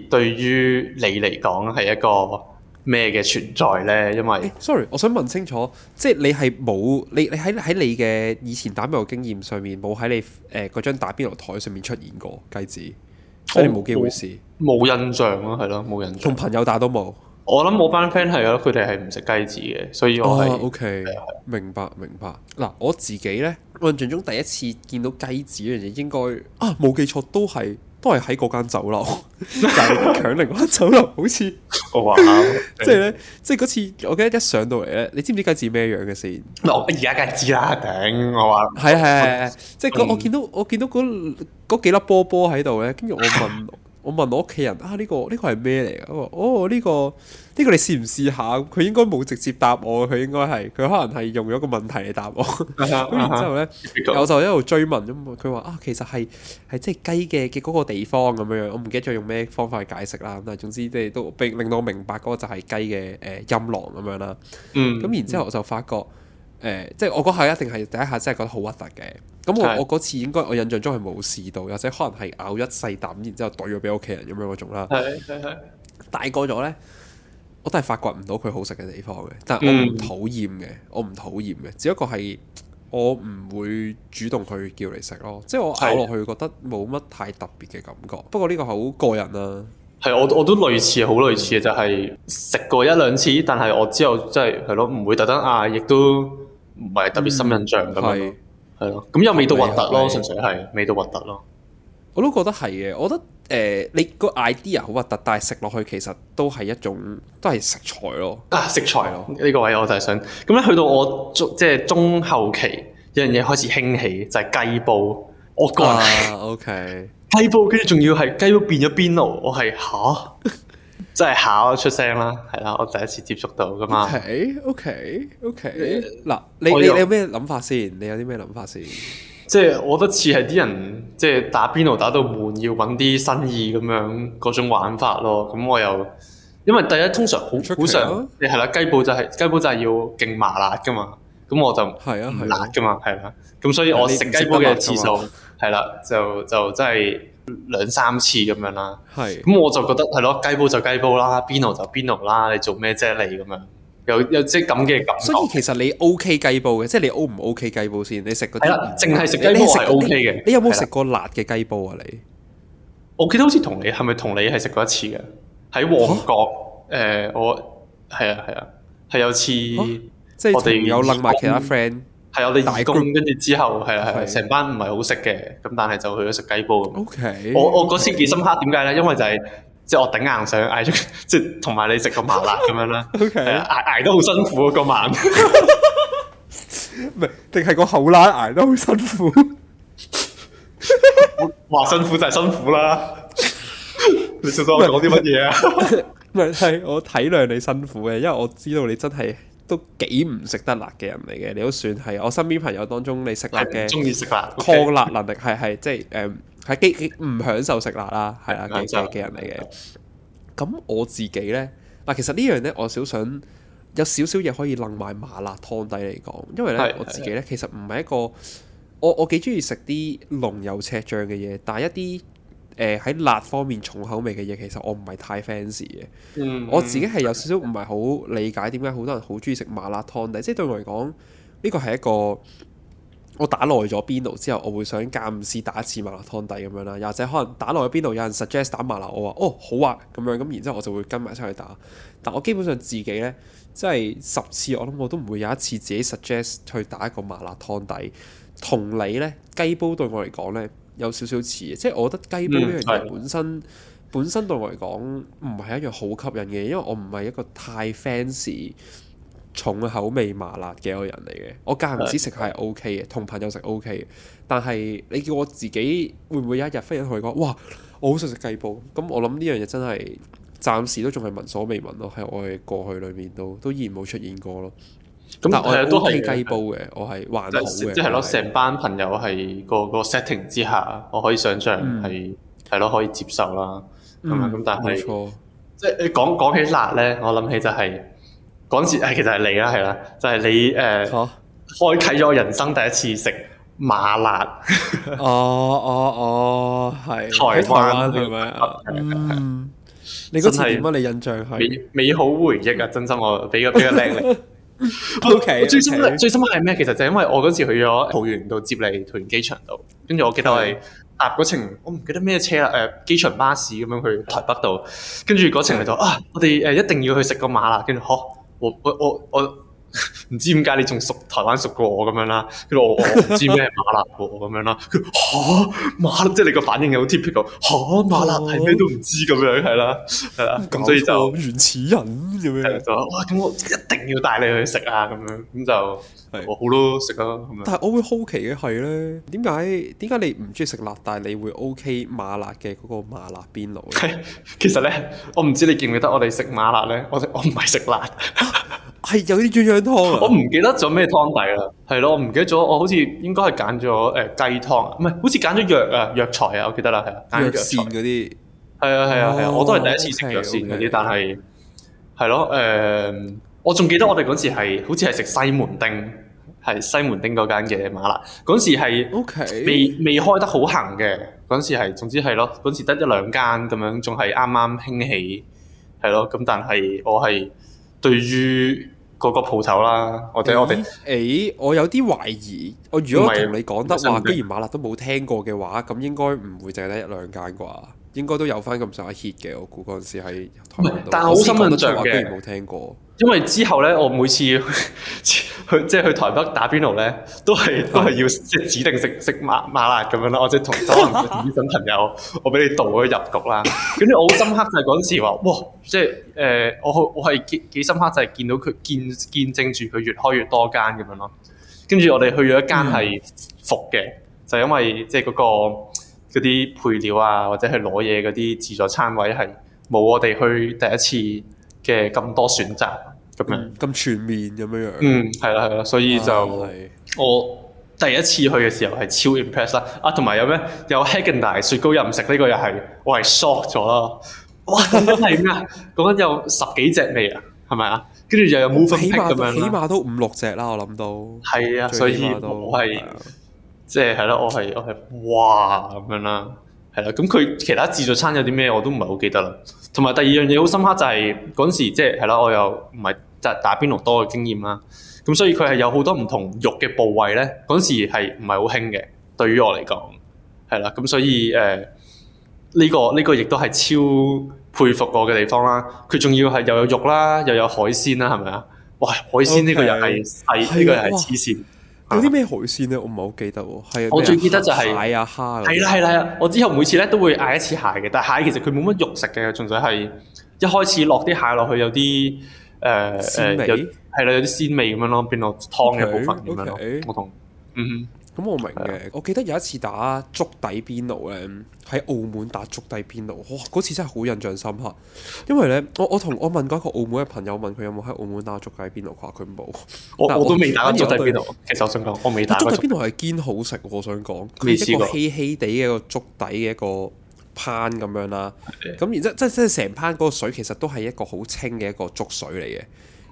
對於你嚟講係一個。咩嘅存在呢？因為、欸、sorry，我想問清楚，即係你係冇你你喺喺你嘅以前打邊爐經驗上面冇喺你誒嗰、呃、張打邊爐枱上面出現過雞子，即係你冇機會試。冇、哦、印象咯、啊，係咯，冇印象、啊。同朋友打都冇。我諗冇班 friend 係咯，佢哋係唔食雞子嘅，所以我係。OK，明白明白。嗱，我自己呢我印象中第一次見到雞子呢樣嘢，應該啊冇記錯都係。都係喺嗰間酒樓， *laughs* 強力另外酒樓，好似我話，okay. *laughs* *laughs* 即係咧，即係嗰次，我記得一上到嚟咧，你知唔知嗰陣咩樣嘅先？嗱， *laughs* 而家梗係知啦，頂，我話，係係係，即係我我見到我見到嗰嗰幾粒波波喺度咧，跟住我問。 *laughs* 我問我屋企人啊，呢、這個呢、這個係咩嚟？我話哦呢、這個呢、這個你試唔試下？佢應該冇直接答我，佢應該係佢可能係用咗個問題嚟答我。咁 *laughs* 然之後呢，啊啊啊、我就一路追問，咁佢話啊，其實係係即係雞嘅嘅嗰個地方咁樣樣，我唔記得咗用咩方法去解釋啦。但係總之即係都並令到我明白嗰個就係雞嘅誒陰囊咁樣啦。咁、嗯、然之後我就發覺。誒，即係我嗰下一定係第一下，真係覺得好核突嘅。咁我我嗰次應該我印象中係冇試到，或者可能係咬一細啖，然之後懟咗俾屋企人咁樣嗰種啦。係係係。大個咗咧，我都係發掘唔到佢好食嘅地方嘅。但係我唔討厭嘅，我唔討厭嘅，只不過係我唔會主動去叫你食咯。即係我咬落去覺得冇乜太特別嘅感覺。不過呢個好個人啦，係我我都類似好類似嘅就係食過一兩次，但係我之後即係係咯，唔會特登嗌，亦都。唔係特別深印象咁樣，係咯、嗯，咁又味道核突咯，是是純粹係味道核突咯。我都覺得係嘅，我覺得誒、呃，你個 idea 好核突，但係食落去其實都係一種，都係食材咯。啊，食材咯，呢材材個位我就係想，咁咧去到我、嗯、即係中後期，有樣嘢開始興起就係雞煲，我過嚟。O、啊、K。雞煲跟住仲要係雞煲變咗邊爐，我係嚇。即係考得出聲啦，係啦，我第一次接觸到噶嘛。O K O K O K 嗱，你你你有咩諗法先？你有啲咩諗法先？即係我覺得似係啲人即係打邊爐打到悶，要揾啲新意咁樣嗰種玩法咯。咁我又因為第一通常好好常，你係啦雞煲就係雞煲就係要勁麻辣噶嘛。咁我就係啊係辣噶嘛，係啦、啊。咁、啊啊、所以我食雞煲嘅次數係啦、啊啊，就就真係。兩三次咁樣啦，係咁的我就覺得係咯，雞煲就雞煲啦，邊爐就邊爐啦，你做咩啫你咁樣，有有即咁嘅感覺。所以其實你 O K 雞煲嘅，即係你 O 唔 O K 雞煲先，你食嗰啲係啦，淨係食雞煲係 O K 嘅。你有冇食過辣嘅雞煲啊？的你我記得好似同你係咪同你係食過一次嘅？喺旺角誒、啊呃，我係啊係啊，係們有次即係我哋有諗埋其他 friend。係我哋大工，跟住之後，係啊係啊，成班唔係好識嘅，咁但係就去咗食雞煲。O K，我我嗰次幾深刻，點解咧？因為就係即係我頂硬上，挨住即係同埋你食個麻辣咁樣啦。O K，挨挨得好辛苦啊，個晚唔係定係個後欄挨得好辛苦。話辛苦就係辛苦啦。你做咗講啲乜嘢啊？唔係，係我體諒你辛苦嘅，因為我知道你真係。都幾唔食得辣嘅人嚟嘅，你都算係我身邊朋友當中你食辣嘅，中意食辣，抗辣能力係係即係誒，係幾幾唔享受食辣啦，係啊幾嘅人嚟嘅。咁、這個、我，我自己呢，嗱其實呢樣呢，我少想有少少嘢可以諗埋麻辣湯底嚟講，因為呢我自己呢，其實唔係一個，我我幾中意食啲濃油赤醬嘅嘢，但係一啲。喺、呃、辣方面重口味嘅嘢，其實我唔係太 fancy 嘅。Mm hmm. 我自己係有少少唔係好理解點解好多人好中意食麻辣湯底。即係對我嚟講，呢、這個係一個我打耐咗邊度之後，我會想間唔時打一次麻辣湯底咁樣啦。又或者可能打耐咗邊度，有人 suggest 打麻辣，我話哦好啊咁樣，咁然之後我就會跟埋出去打。但我基本上自己呢，即係十次我諗我都唔會有一次自己 suggest 去打一個麻辣湯底。同理呢，雞煲對我嚟講呢。有少少似，即係我覺得雞煲呢樣嘢本身、嗯、本身對我嚟講唔係一樣好吸引嘅，因為我唔係一個太 fans 重口味麻辣嘅一個人嚟嘅。我間唔時食係 O K 嘅，同朋友食 O K 嘅。但係你叫我自己會唔會有一日忽然同你講哇，我好想食雞煲？咁我諗呢樣嘢真係暫時都仲係聞所未聞咯，喺我嘅過去裏面都都依然冇出現過咯。咁，但我哋都係雞煲嘅，我係還好嘅，即係咯，成班朋友係個個 setting 之下，我可以想象係係咯可以接受啦。係嘛，咁但係即係講講起辣咧，我諗起就係講住係，其實係你啦，係啦，就係你誒，開啟咗人生第一次食馬辣。哦哦哦，係台灣，係咪啊？嗯，你嗰次點啊？你印象係美好回憶啊！真心我俾個俾個靚嚟。OK，okay。最深刻最深刻係咩？其實就係因為我嗰次去咗桃園度接你，桃園機場度，跟住我記得我係搭嗰程，我唔記得咩車啦，誒、呃，機場巴士咁樣去台北度，跟住嗰程嚟就是、啊，我哋誒一定要去食個馬辣，跟住，嗬、啊，我我我我。我我唔知點解你仲熟台灣熟過我咁樣啦，跟住我唔知咩馬辣喎咁 *laughs* 樣啦，佢、啊、吓馬辣，即係你個反應又好 typical，吓、啊、馬辣係咩都唔知咁樣係啦，係啦錯，所以就原始人咁、啊、樣，就哇咁我一定要帶你去食啊咁樣，咁就係好咯食啊咁樣。是樣但係我會好奇嘅係咧，點解點解你唔中意食辣，但係你會 OK 馬辣嘅嗰個麻辣邊爐咧？其實咧，我唔知你記唔記得我哋食馬辣咧，我我唔係食辣。 *laughs* 係有啲薑薑湯我唔記得咗咩湯底啦，係咯，我唔記得咗。我好似應該係揀咗誒雞湯啊，唔係，好似揀咗藥啊藥材啊，我記得啦，揀藥膳嗰啲。係啊係啊係啊！我都係第一次食藥膳嗰啲，但係係咯誒，我仲記得我哋嗰時係好似係食西門丁，係西門丁嗰間嘅麻辣。嗰時係，OK，未未開得好行嘅嗰時係，總之係咯，嗰時得一兩間咁樣，仲係啱啱興起，係咯咁，但係我係對於。個個鋪頭啦，或者我哋，誒、欸欸，我有啲懷疑，我如果同你講得話，既然馬辣都冇聽過嘅話，咁應該唔會淨係得一兩間啩。應該都有翻咁上下 heat 嘅，我估嗰陣時喺台灣。但係好新聞嘅。冇聽過，因為之後咧，我每次去即係去，去台北打邊爐咧，都係都係要即係指定食食馬馬辣咁樣咯。我即係同多個醫生朋友， *laughs* 我俾你導咗入局啦。跟住我好深刻就係嗰陣時話，哇！即係誒、呃，我我係幾幾深刻就係見到佢見見，見證住佢越開越多間咁樣咯。跟住我哋去咗一間係服嘅，嗯、就因為即係、那、嗰個。嗰啲配料啊，或者去攞嘢嗰啲自助餐位係冇我哋去第一次嘅咁多選擇咁樣咁、嗯、全面咁樣樣。嗯，係啦，係啦，所以就、啊、我第一次去嘅時候係超 impress 啦。啊，同埋有咩有 Häagen-Dazs 雪糕又唔食呢個又係我係 shock 咗咯。哇，都係點啊？講緊 *laughs* 有十幾隻味啊，係咪啊？跟住又有 Mövenpick 咁樣起，起碼都五六隻啦。我諗到係啊，所以我係。即係係咯，我係我係哇咁樣啦，係啦。咁佢其他自助餐有啲咩我都唔係好記得啦。同埋第二樣嘢好深刻就係嗰陣時，即係係咯，我又唔係就係打邊爐多嘅經驗啦。咁所以佢係有好多唔同肉嘅部位咧。嗰陣時係唔係好興嘅，對於我嚟講係啦。咁所以誒呢、呃呢個呢、呢個亦都係超佩服我嘅地方啦。佢仲要係又有肉啦，又有海鮮啦，係咪啊？哇！海鮮呢個又係細，呢 Okay, 個又係黐線。嗰啲咩海鮮咧，我唔係好記得喎。啊，我最記得就係、係、蟹啊蝦啊。係啦係啦係啦，我之後每次咧都會嗌一次蟹嘅，但蟹其實佢冇乜肉食嘅，純粹係一開始落啲蟹落去有啲誒誒，係啦，有啲鮮味咁樣咯，變到湯嘅部分咁樣咯。Okay, okay. 我同嗯哼。咁我明嘅，的我記得有一次打粥底邊爐咧，喺澳門打粥底邊爐，哇！嗰次真係好印象深刻，因為咧，我我同我問過一個澳門嘅朋友問佢有冇喺澳門打粥底邊爐，佢話佢冇，我我都未打過粥底邊爐。其實我想講，我未打過。打粥底邊爐係堅好食，我想講。未試過。一個稀稀地嘅一個粥底嘅一個攤咁樣啦，咁的然之後即即係成攤嗰個水其實都係一個好清嘅一個粥水嚟嘅。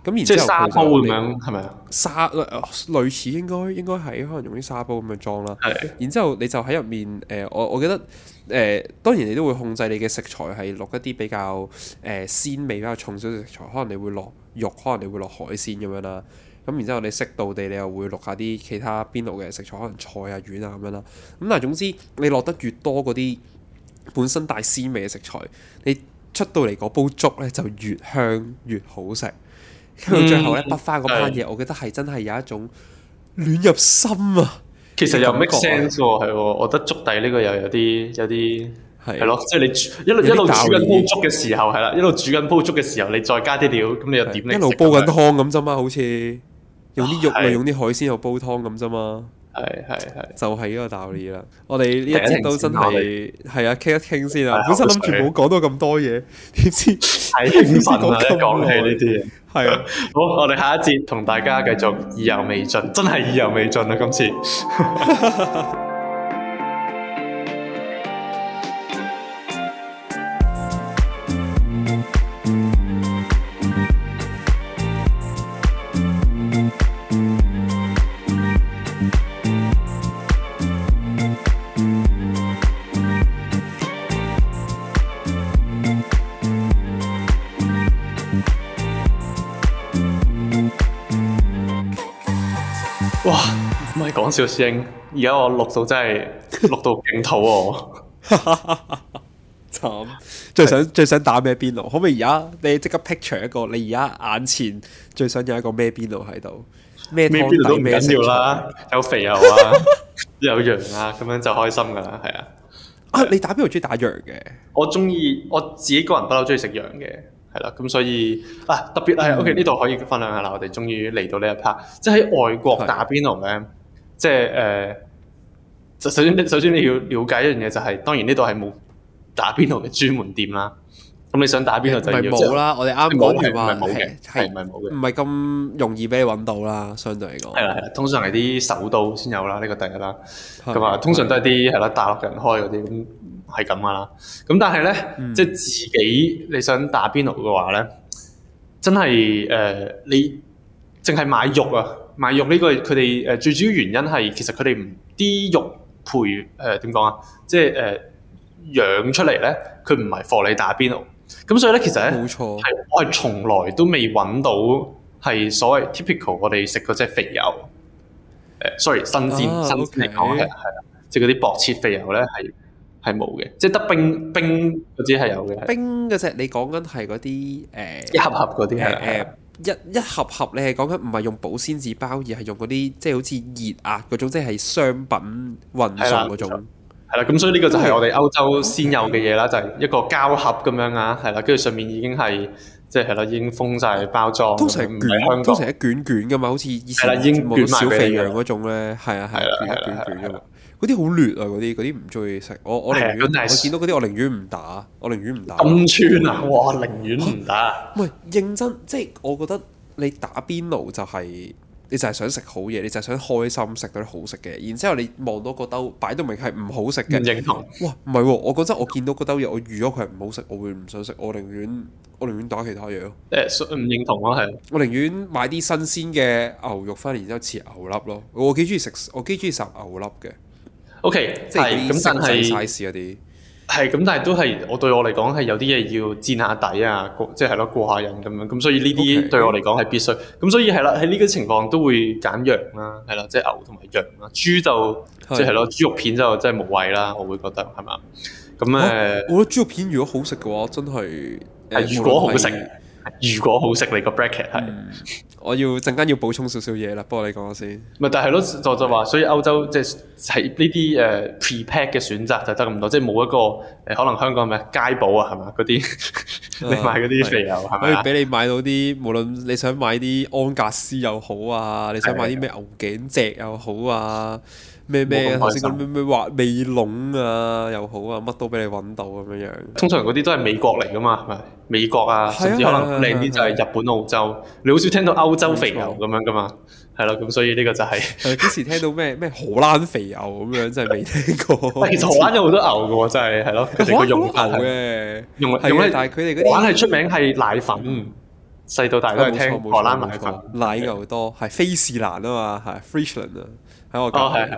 咁然之後沙煲咁樣係咪啊？沙、呃、類似應該應該係可能用啲沙煲咁樣裝啦。係。然之後你就喺入面誒、呃，我我記得誒、呃，當然你都會控制你嘅食材係落一啲比較誒鮮、呃、味比較重少少食材，可能你會落肉，可能你會落海鮮咁樣啦。咁然之後你適度地，你又會落下啲其他邊爐嘅食材，可能菜啊、丸啊咁樣啦。咁但係總之你落得越多嗰啲本身帶鮮味嘅食材，你出到嚟嗰煲粥咧就越香越好食。到最後咧，北翻嗰餐嘢，我覺得係真係有一種暖入心啊！其實又唔 make sense 喎，係喎，我覺得粥底呢個又有啲有啲係咯，即係你一一路煮緊煲粥嘅時候係啦，一路煮緊煲粥嘅時候，你再加啲料，咁你又點嚟一路煲緊湯咁啫嘛，好似用啲肉啊，用啲海鮮又煲湯咁啫嘛。係係係，就係呢個道理啦。我哋呢一節都真係係啊，傾一傾先啊。本身諗住冇講到咁多嘢，點知興奮啊！講起呢啲嘢，係啊。好，我哋下一節同大家繼續，意猶未盡，真係意猶未盡啊！今次。 *laughs* *laughs* 叫聲！而家我錄到真係錄到勁肚餓，慘！最想是最想打咩邊爐？可唔可以而家你即刻 picture 一個你而家眼前最想有一個咩邊爐喺度？咩邊爐都唔緊要啦，有肥牛啦、啊， *laughs* 有羊啦、啊，咁樣就開心噶啦，係啊,啊！你打邊爐中意打羊嘅？我中意我自己個人不嬲中意食羊嘅，係啦、啊，咁所以啊，特別係、啊、OK 呢度、嗯 okay, 可以分享下啦，我哋終於嚟到呢一 part，即係喺外國打邊爐咧。 *laughs* 的即係誒，首、呃、首先，首先你要了解一樣嘢就係、是，當然呢度係冇打邊爐嘅專門店啦。咁你想打邊爐就冇啦。我哋啱講係話係唔係冇嘅，唔係咁容易俾你揾到啦。相對嚟講係啦，係啦，通常係啲首都先有啦。呢、這個第一啦，咁啊的，的通常都係啲係啦大陸人開嗰啲，咁係咁噶啦。咁但係咧，嗯、即係自己你想打邊爐嘅話咧，真係誒、呃，你淨係買肉啊？賣肉呢、呢個佢哋誒最主要原因係其實佢哋唔啲肉配誒點講啊，即係誒養出嚟咧，佢唔係 for 你打邊爐，咁所以咧其實咧，冇錯，係我係從來都未揾到係所謂 typical 我哋食嗰隻肥牛誒、呃、，sorry 新鮮、啊、新鮮嚟講係係啦，即係嗰啲薄切肥牛咧係係冇嘅，即係得冰冰嗰啲係有嘅。冰嗰隻你講緊係嗰啲誒一盒盒嗰啲係。一一盒盒，你係講緊唔係用保鮮紙包而，而係用嗰啲即係好似熱壓嗰種，即係商品運送嗰種。係啦，咁所以呢個就係我哋歐洲先有嘅嘢啦，就係一個膠盒咁樣啊，係啦，跟住上面已經係即係啦，已經封晒包裝。通常唔係香港，通常一卷卷噶嘛，好似以前小肥羊嗰種咧，係啊係啊，卷卷卷。嗰啲好劣啊！嗰啲嗰啲唔中意食。我我寧願我見到嗰啲，我寧願唔打。我寧願唔打。咁串啊！我寧願唔打。唔係啊，認真即係我覺得你打邊爐就係，你就係想食好嘢，你就係想開心食到啲好食嘅。然之後你望到個兜擺到明係唔好食嘅。唔認同。哇，唔係喎！我覺得我見到個兜嘢，我預咗佢係唔好食，我會唔想食。我寧願我寧願打其他嘢咯、啊。誒，唔認同咯、啊，係。我寧願買啲新鮮嘅牛肉翻嚟，然之後切牛粒咯。我幾中意食，我幾中意食牛粒嘅。OK，係咁，但係係咁，但係都係我對我嚟講係有啲嘢要墊下底啊，即係係咯過下癮咁樣，咁所以呢啲對我嚟講係必須，咁 Okay. 所以係啦，喺呢個情況都會揀羊啦、啊，係啦，即、就、係、是、牛同埋羊啦、啊，豬就即係咯豬肉片就真係冇謂啦，我會覺得係嘛，咁誒，我覺得豬肉片如果好食嘅話，真係係、呃、如果好食。如果好食你個 bracket 係，嗯、是我要陣間要補充少少嘢啦，不過你講先。咪但係咯，我就話，所以歐洲即係係呢啲誒 prepack 嘅選擇就得咁多，即係冇一個誒可能香港咩街寶啊係嘛，嗰啲，嗯、 *laughs* 你買嗰啲肥牛係咪啊？是吧可以俾你買到啲，無論你想買啲安格斯又好啊，你想買啲咩牛頸脊又好啊。咩咩啊？頭先咩咩話？味濃啊又好啊，乜都俾你揾到咁樣樣。通常嗰啲都係美國嚟噶嘛，係咪？美國啊，甚至可能靚啲就係日本、澳洲。你好少聽到歐洲肥牛咁樣噶嘛？係咯，咁所以呢個就係。幾時聽到咩咩荷蘭肥牛咁樣？真係未聽過。但係荷蘭有好多牛噶喎，真係係咯。荷蘭都好嘅，用用但係佢哋嗰啲，玩係出名係奶粉。細到大都係聽荷蘭奶粉，奶牛多係菲士蘭啊嘛，係 Frisland 啊。喺我講，係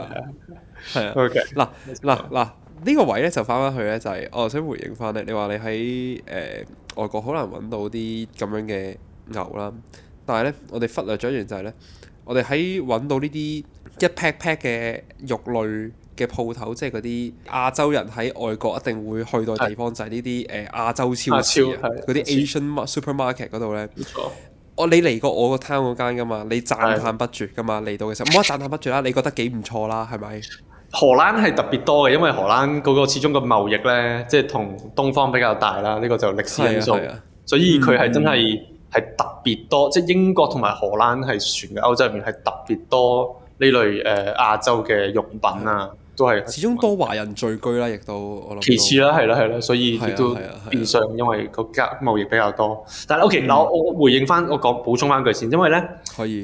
係係啊，嗱嗱嗱，呢的 Okay.、這個位咧就翻翻去咧，就係、就是、我想回應翻咧。你話你喺誒、呃、外國好難揾到啲咁樣嘅牛啦，但係咧我哋忽略咗一樣就係咧，我哋喺揾到呢啲一 pack pack 嘅肉類嘅鋪頭，即係嗰啲亞洲人喺外國一定會去到嘅地方，的就係呢啲誒亞洲超市啊，嗰啲 Asian supermarket 嗰度咧。哦，你嚟過我個攤嗰間㗎嘛？你讚歎不絕㗎嘛？嚟是的 到嘅時候，冇乜讚歎不絕啦，你覺得幾唔錯啦，係咪？荷蘭係特別多嘅，因為荷蘭嗰個始終個貿易咧，即係同東方比較大啦，呢、呢個就歷史因素，所以佢係真係係特別多，嗯、即係英國同埋荷蘭係全個歐洲入面係特別多呢類誒、呃、亞洲嘅用品啊。都係，始終多華人聚居啦，亦都我諗其次啦，係啦，係啦，所以亦都變相因為個家貿易比較多。啊啊啊、但係 OK，嗱，我回應翻，我講補充翻句先，因為咧，誒以，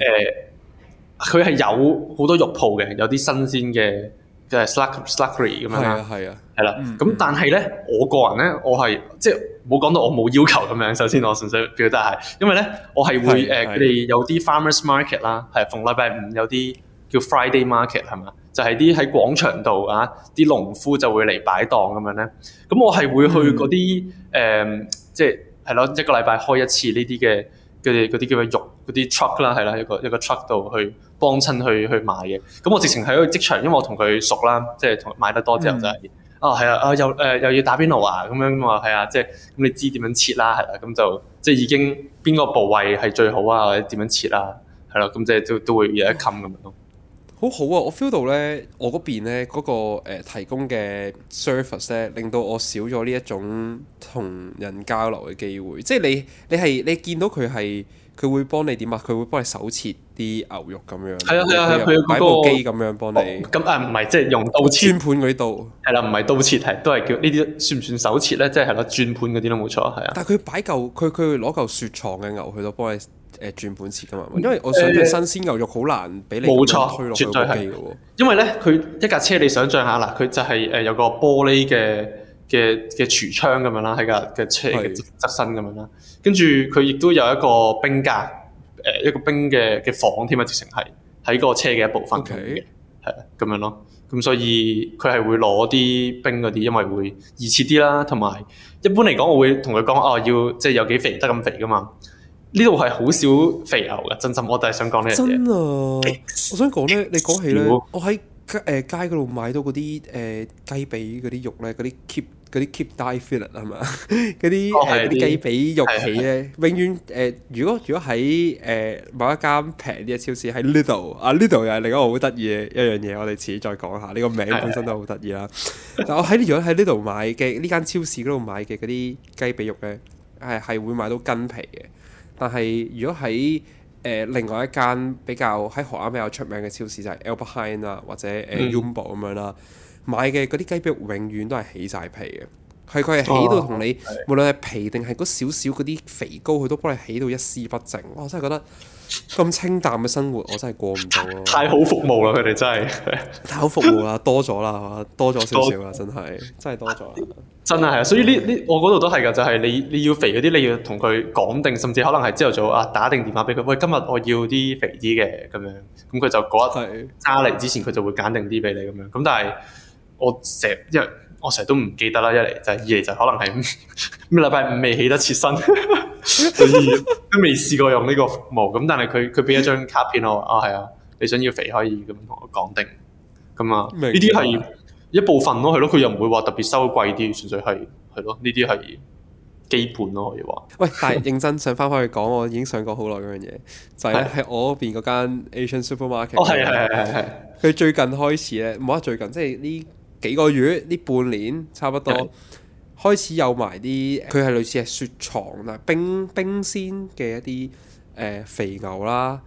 佢係、欸、有好多肉鋪嘅，有啲新鮮嘅，即、就、誒、是、slagerij slagerij 咁樣啦，係啊，係啦、啊。咁但係咧，我個人咧，我係即係冇講到我冇要求咁樣。首先我純粹表達係，因為咧，我係會誒，佢哋有啲 farmers market 啦，係逢、啊、禮拜五,五有啲。叫 Friday Market 係嘛？就係啲喺廣場度啊，啲農夫就會嚟擺檔咁樣咧。咁我係會去嗰啲誒，即係係咯一個禮拜開一次呢啲嘅佢哋嗰啲叫咩肉嗰啲 truck 啦，係啦一個一個 truck 度去幫襯去去買嘅。咁我直情喺個職場，因為我同佢熟啦，即係同買得多之後就係、是嗯、哦係啊啊又誒、呃、又要打邊爐啊咁樣咁啊係啊，即係咁你知點樣切啦係啦，咁就即係已經邊個部位係最好啊，或者點樣切啊係啦，咁即係都都會有一襟咁樣咯。好好啊，我 feel 到呢，我嗰邊咧嗰、嗰個、呃、提供嘅 service 呢，令到我少咗呢一種同人交流嘅機會。即係你，你係你，你見到佢係佢會幫你點啊？佢會幫你手切啲牛肉咁樣。係啊係啊，佢擺部機咁樣幫你。咁啊唔係，即係用刀切。轉盤嗰啲刀。係啦、啊，唔係刀切，係、啊、都係叫呢啲算唔算手切呢？即係係咯，轉盤嗰啲都冇錯，係啊。但係佢擺嚿，佢佢攞嚿雪藏嘅牛去到幫你。誒轉盤切噶嘛，因為我想嘅新鮮牛肉好難俾你，冇錯，絕對係。因為咧，佢一架車，你想象下啦，佢就係誒有個玻璃嘅嘅嘅櫥窗咁樣啦，喺架嘅車嘅側身咁樣啦。跟住佢亦都有一個冰架，誒、呃、一個冰嘅嘅房添啊，直情係喺個車嘅一部分嘅，係咁 Okay. 樣咯。咁所以佢係會攞啲冰嗰啲，因為會易切啲啦。同埋一般嚟講，我會同佢講哦，要即係有幾肥得咁肥噶嘛。呢度係好少肥牛嘅，真心我都係想講呢樣嘢。真啊！我想講咧，你講起咧，我喺誒街嗰度買到嗰啲誒雞髀嗰啲肉咧，嗰啲 keep 嗰啲 keep die fillet 係嘛？嗰啲啲雞髀肉皮咧，永遠誒。如果如果喺誒某一間平啲嘅超市喺呢度，啊呢度又係另一個好得意嘅一樣嘢。我哋遲啲再講下，呢個名本身都好得意啦。但我喺如果喺呢度買嘅呢間超市嗰度買嘅嗰啲雞髀肉咧，係係會買到筋皮嘅。但係，如果喺誒、呃、另外一間比較喺荷蘭比較出名嘅超市，就係、是、Albert Heijn 啦、啊，或者誒 Jumbo 咁樣啦，買嘅嗰啲雞髀永遠都係起晒皮嘅，係佢係起到同你，哦、無論係皮定係嗰少少嗰啲肥膏，佢都幫你起到一絲不淨，我真係覺得～咁清淡嘅生活，我真係過唔到咯。 *laughs* 太好服務啦，佢哋真係太好服務啦，多咗啦，多咗少少啦，真係 *laughs* 真係多咗，真係係啊！所以呢呢，我嗰度都係噶，就係、是、你你要肥嗰啲，你要同佢講定，甚至可能係朝頭早啊，打定電話俾佢喂，今日我要啲肥啲嘅咁樣，咁佢就嗰日揸嚟之前，佢 *laughs* 就會揀定啲俾你咁樣。咁但係我成日因為。我成日都唔記得啦，一嚟就係、是、二嚟就可能係咩禮拜五未起得切身， *laughs* *laughs* 所以都未試過用呢個服務。咁但係佢佢俾一張卡片我，話哦，係啊，你想要肥可以咁同我講定咁啊。呢啲係一部分咯，係咯。佢又唔會話特別收貴啲，純粹係係咯。呢啲係基本咯，可以話。喂，但係認真想翻返去講，我已經想講好耐嗰樣嘢，就係、是、喺我嗰邊嗰間 Asian supermarket 的。哦，係係係佢最近開始咧，唔好話最近，即係呢。幾個月，呢半年差唔多的開始有埋啲，佢係類似係雪藏啦，冰冰鮮嘅一啲誒、呃、肥牛啦，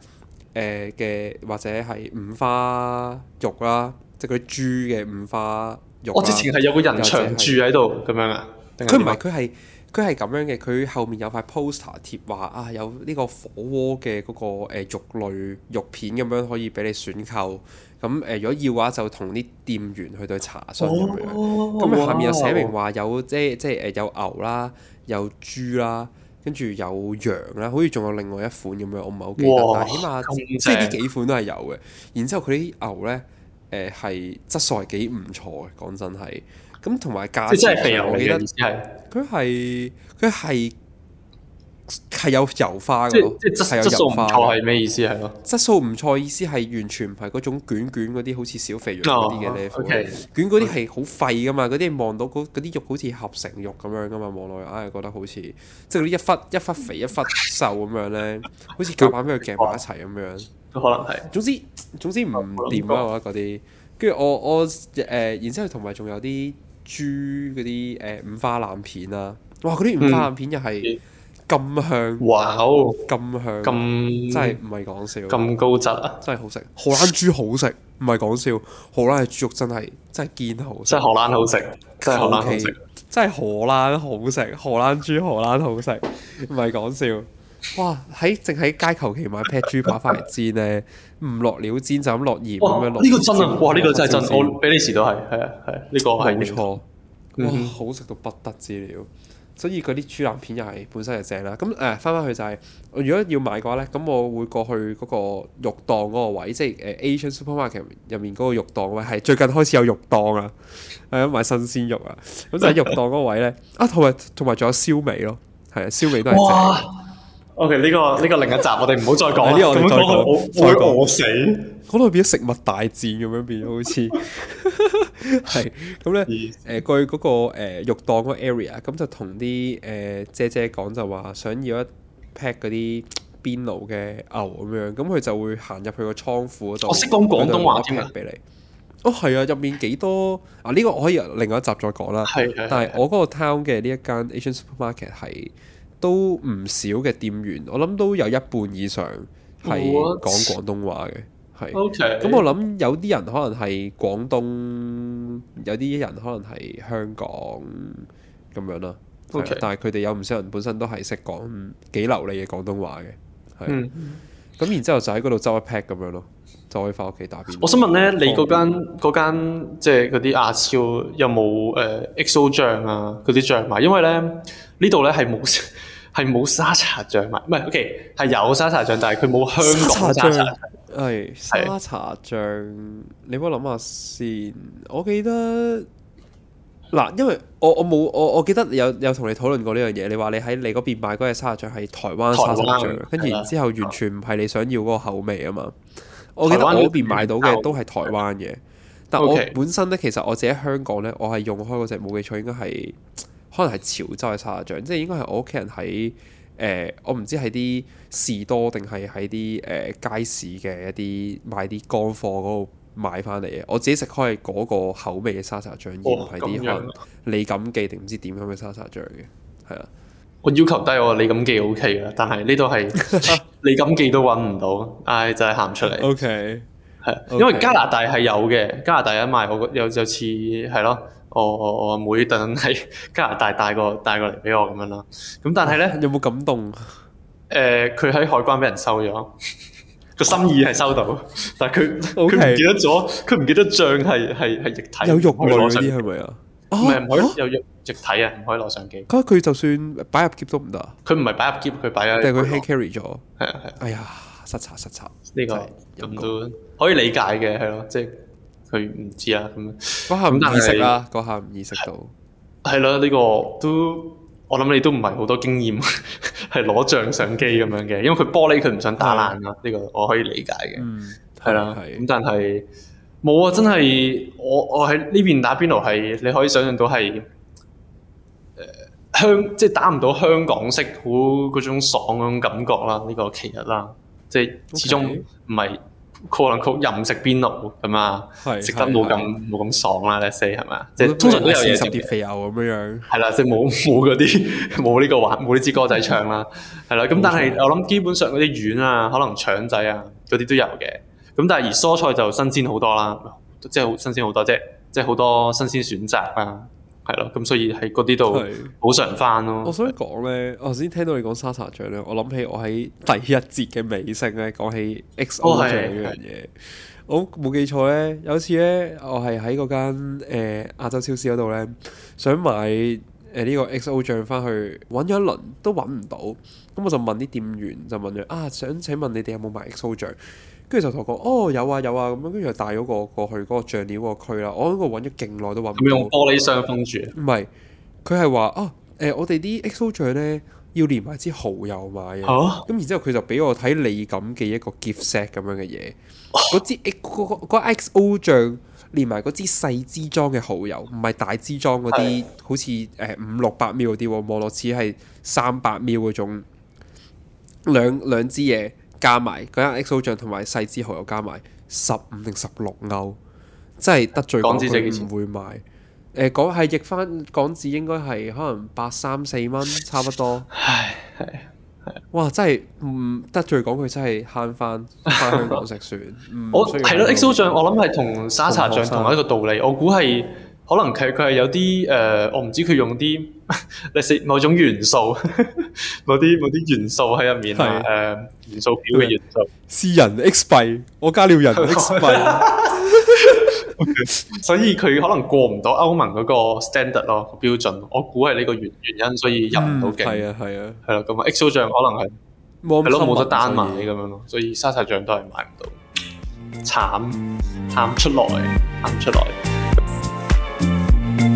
誒、呃、嘅或者係五花肉啦，即係嗰啲豬嘅五花肉。我之前係有個人長住喺度咁樣啊，佢唔係佢係。佢係咁樣嘅，佢後面有塊 poster 貼話啊，有呢個火鍋嘅嗰、嗰個、呃、肉類肉片咁樣可以俾你選購。咁誒、呃，如果要嘅話，就同啲店員去到查詢咁、哦哦哦、樣。咁下面又寫明話有，哇有、哦、即、呃、即誒有牛啦，有、呃呃呃、豬啦，跟住有羊啦，好似仲有另外一款咁樣，我唔係好記得，哇但係起碼豬即係呢幾款都係有嘅。然之後佢啲牛咧，誒係質素係幾唔錯嘅，講真係。咁同埋價錢，係肥油，我記得佢係佢係係有油花嘅咯，即係有油花，係咩意思係咯？質素唔錯意思係完全唔係嗰種卷卷嗰啲好似小肥肉嗰啲嘅 level，卷嗰啲係好廢噶嘛，嗰啲望到嗰啲肉好似合成肉咁樣噶嘛，望落去，唉、哎，覺得好似即係嗰啲一忽一忽肥一忽瘦咁樣咧， *laughs* 好似夾硬俾佢夾埋一齊咁樣。 *laughs* 可能係。總之總之唔掂啦我覺得嗰啲。跟住我我誒、呃，然之後同埋仲有啲。豬嗰啲誒五花腩片啊，哇！嗰啲五花腩片又係咁香，哇、嗯！咁香，咁真係唔係講笑，咁高質啊！麼真係、啊、好食，荷蘭豬好食，唔係講笑，荷蘭嘅豬肉真係真係堅好食，真係荷蘭好食，okay, 真係荷蘭好食，真係荷蘭好食，荷蘭豬荷蘭好食，唔係講笑，哇！喺淨喺街求其買劈豬扒翻嚟煎呢、啊！唔落料煎就咁落鹽咁哇樣落。呢哇煎個真啊！哇！呢個真係真，我比利時都係，係啊係。呢、呢個係冇錯，嗯、哇！好食到不得之了。所以嗰啲豬腩片又係本身又正啦。咁誒翻翻去就係、係，如果要買嘅話咧，咁我會過去嗰個肉檔嗰個位，即、就、係、係、誒 Asian Supermarket 入面嗰個肉檔位，係最近開始有肉檔啊，係啊買新鮮肉，肉個 *laughs* 啊。咁就喺肉檔嗰位咧，啊同埋同埋仲有燒味咯，係啊燒味都係正。O.K. 呢、這個呢、這個另一集，我哋唔好再講。呢 *laughs* 個我唔講，我死。可能變食物大戰咁樣變，好似係咁咧。誒， *laughs* 去嗰思、呃嗰個肉檔嗰 area，咁就同啲誒姐姐講就話想要一 pack 嗰啲邊爐嘅牛咁樣，咁佢就會行入去個倉庫嗰度。我識講廣東話添、 *laughs* 哦、啊！俾你。哦，係啊，入面幾多啊？呢個我可以另一集再講啦。係的的但係我嗰個 town 嘅呢一間 Asian supermarket 係。都唔少嘅店員，我諗都有一半以上係講廣東話嘅。係 What? Okay.，咁我諗有啲人可能係廣東，有啲人可能係香港咁樣啦 Okay.。但係佢哋有唔少人本身都係識講幾流利嘅廣東話嘅。嗯，咁、mm. 然之後就喺嗰度執一 pat 咁樣咯，就可以翻屋企打邊爐。我想問咧，你嗰間嗰間即係嗰啲亞超有冇誒、uh, X O 醬啊？嗰啲醬嘛、啊，因為咧呢度咧係冇。 *laughs* 係冇沙茶醬賣，唔係，OK，係有沙茶醬、okay,，但係佢冇香港沙茶醬。係沙茶醬，你幫我諗下先。我記得嗱，因為我我冇我我記得有有同你討論過呢樣嘢。你話你喺你嗰邊買嗰隻沙茶醬係台灣沙茶醬，跟住台灣之後完全唔係你想要嗰個口味啊嘛。台灣我記得我嗰邊買到嘅都係台灣嘅，台灣但我本身咧其實我自己喺香港咧，我係用開嗰隻冇記錯應該係。可能係潮州嘅沙茶醬，即係應該係我屋企人喺誒、呃，我唔知喺啲士多定係喺啲誒街市嘅一啲賣啲乾貨嗰度買翻嚟嘅。我自己食開嗰個口味嘅沙茶醬，而唔係啲可能李錦記定唔知點樣嘅沙茶醬嘅。係啊，我要求低，我李錦記 O K 啦，但係呢度係李錦記都揾唔到，唉、哎，真係行唔出嚟。O K 係，okay, 的 okay. 因為加拿大係有嘅，加拿大賣一賣，我個有就似係咯。我我阿妹等喺加拿大帶過帶過嚟俾我咁樣啦，咁但係咧有冇感動？誒，佢喺海關俾人收咗，個心意係收到，但係佢佢唔記得咗，佢唔記得醬係係係液體，有肉可以攞上嚟係咪啊？唔係唔可以有肉液體啊？唔可以攞上機。咁佢就算擺入喼都唔得啊！佢唔係擺入喼，佢擺喺。定佢 hand carry 咗。係啊係。哎呀，失查失查呢個，咁都可以理解嘅係咯，即係。佢唔知啊，咁嗰下唔意識啦，嗰下唔意識到。係咯是，呢、啊，這個都我諗你都唔係好多經驗，係攞像相機咁樣嘅，因為佢玻璃佢唔想打爛啊。呢、嗯、個我可以理解嘅，係啦、嗯。咁但係冇啊，真係我我喺呢邊打邊爐係你可以想象到係誒、呃、香，即係打唔到香港式好嗰種爽嗰種感覺啦。呢、這個其實啦，即係始終唔係。可能佢又唔食邊爐咁啊？食得冇咁冇咁爽啦！Let's say 係咪即係通常都有二十啲肥牛咁樣。係啦，即係冇冇嗰啲冇呢個話冇呢支歌仔唱啦。係啦，咁但係我諗基本上嗰啲丸啊、可能腸仔啊嗰啲都有嘅。咁但係而蔬菜就新鮮好多啦，即係好新鮮好多啫，即係好多新鮮選擇啦。係咯，咁所以喺嗰啲度好常翻咯。我想講咧，我頭先聽到你講沙茶醬咧，我諗起我喺第一節嘅尾聲咧，講起 X O 醬呢樣嘢，我冇記錯咧，有次咧，我係喺嗰間誒亞洲超市嗰度咧，想買誒呢個 X O 醬翻去，搵咗一輪都搵唔到，咁我就問啲店員就問咗：「啊，想請問你哋有冇賣 X O 醬？」跟住就同我講，哦，有啊有啊咁樣，跟住就帶咗個過去嗰個醬料個區啦。我喺度揾咗勁耐都揾唔到。用玻璃箱封住？唔係，佢係話哦，誒、呃，我哋啲 XO 醬咧要連埋支蠔油買。嘅。咁然之後佢就俾我睇李錦記嘅一個 gift set 咁樣嘅嘢。嗰、oh? 支 XO 醬連埋嗰支細支裝嘅蠔油，唔係大支裝嗰啲，oh? 好似誒五六百 ml 嗰啲，望落似係三百 ml 嗰種兩兩支嘢。加埋嗰間 XO 醬同埋細支蠔油，加埋十五定十六歐，真係得罪講佢唔會買。誒，呃、講係譯翻港紙應該係可能百三四蚊差不多。 *laughs* 唉，係唉啊，哇！真係唔、嗯、得罪講佢真係慳翻翻香港食算。 *laughs* 嗯、我係咯，XO 醬我諗係同沙茶醬同一個道理，我估係。可能佢佢係有啲誒、呃，我唔知佢用啲你是某種元素， *laughs* 某啲某啲元素喺入面係誒、啊呃、元素表嘅元素。私人 X 幣，我加了人 X 幣， *laughs* *laughs* okay, 所以佢可能過唔到歐盟嗰個 standard 咯標準。我估係呢個原原因，所以入唔到嘅。係啊係啊，係啦咁啊，啊，啊，XO 醬可能係係咯冇得單賣咁樣咯，所以沙茶醬都係買唔到。慘慘出嚟，慘出嚟。慘出來出來。好，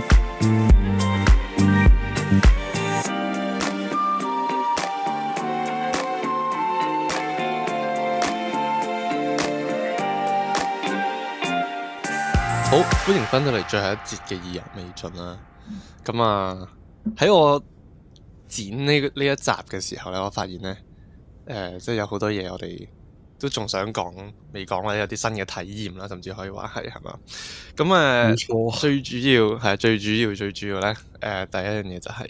歡迎翻到嚟最後一節嘅意猶未盡啦。咁啊，喺我剪呢呢一集嘅時候呢，我發現呢，即、呃、係有好多嘢我哋都仲想講未講咧，有啲新嘅體驗啦，甚至可以話係係嘛？咁誒，冇錯，最主要係最主要最主要咧，誒、呃、第一樣嘢就係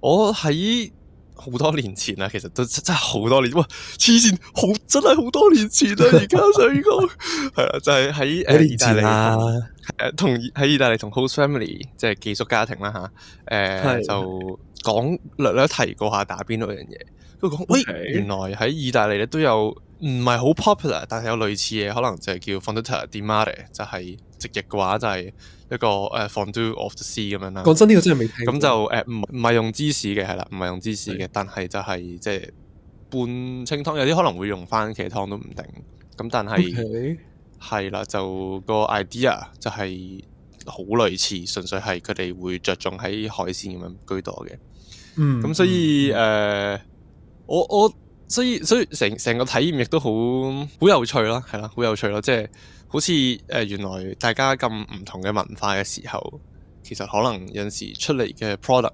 我喺好多年前啦，其實都真係好多年哇！黐線，好真係好多年前啊！而家上高係啦，就係喺誒意大利，誒同喺意大利同 host family，即係寄宿家庭啦吓，誒、呃、的就講略略提過下打邊爐樣嘢，都講喂，原來喺意大利咧都有。唔係好 popular，但係有類似嘅，可能就係叫 fonduta di mare 就係直譯嘅話就係一個誒 fondue of the sea 咁樣啦。講真呢個真係未聽過。咁就誒唔唔係用芝士嘅係啦，唔係用芝士嘅，的但係就係即係半清湯，有啲可能會用番茄湯都唔定。咁但係係啦，就個 idea 就係好類似，純粹係佢哋會着重喺海鮮咁樣居多嘅。嗯，嗯，咁所以誒我、呃、我。我所以所以成成個體驗亦都好好有趣咯，係啦，好有趣咯，即係好似，誒，原來大家咁唔同嘅文化嘅時候，其實可能有時出嚟嘅 product。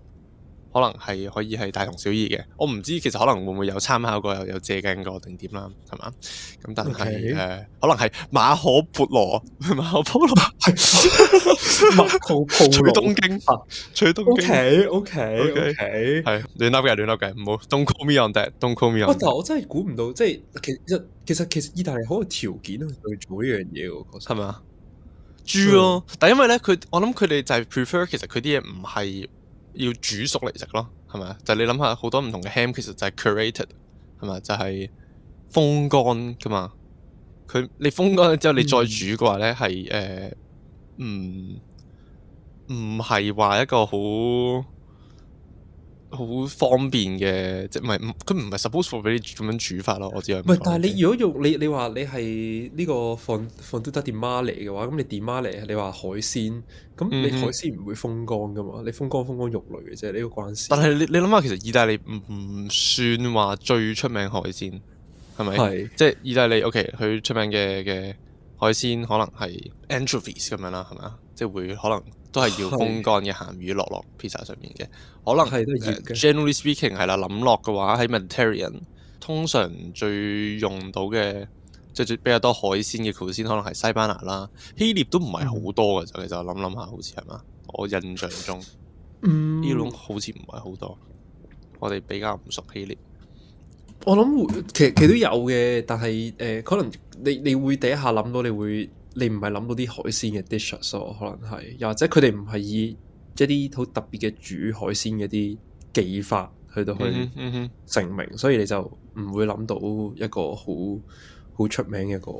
可能係可以係大同小異嘅，我唔知其實可能會唔會有參考過，又有，有借鏡過定點啦，係嘛？咁但係誒 Okay.、呃，可能係馬可波羅，馬可波羅，馬可波羅去東京，去東京。O K O K O K 係亂 up 嘅，亂 up 嘅，唔好。Don't call me on that，Don't call me on。哇、啊！但係我真係估唔到，即係其實其實其實，其實意大利好有條件去做呢樣嘢喎，係嘛吧？豬咯，但因為咧，佢我諗佢哋就係 prefer 其實佢啲嘢唔係。要煮熟嚟食咯，係咪啊？就係你諗下好多唔同嘅 ham 其實就係 created 係咪就係、係、風乾㗎嘛，佢你風乾咗之後你再煮嘅話咧係誒，唔唔係話一個好。好方便嘅，即係唔係？佢唔係 supposed for 俾你咁樣煮法咯。我知啊。唔係，但係你如果肉，你你話你係呢個放放都得點媽嚟嘅話，咁你點媽嚟啊？你話海鮮，咁你海鮮唔會風乾噶嘛？嗯、你風乾風乾肉類嘅啫，呢、呢個關事。但係你你諗下，其實意大利唔算話最出名海鮮，係咪？係是。即係意大利 OK，佢出名嘅嘅海鮮可能係 anchovies 咁樣啦，係咪啊？即係會可能。都係要風乾嘅鹹魚落落 pizza 上面嘅，的可能係 generally speaking 係啦。諗落嘅話，喺 Mediterranean 通常最用到嘅，即係最比較多海鮮嘅，首先可能係西班牙啦。嗯、希臘都唔係好多嘅，就就諗諗下，好似係嘛？我印象中，呢種、嗯、好似唔係好多。我哋比較唔熟希臘。我諗其實都有嘅，但係誒、呃，可能你你會第一下諗到，你會。你唔係諗到啲海鮮嘅 dishes，啊、可能係又或者佢哋唔係以一啲好特別嘅煮海鮮嘅啲技法去到去證明，mm hmm, mm hmm。所以你就唔會諗到一個好好出名嘅個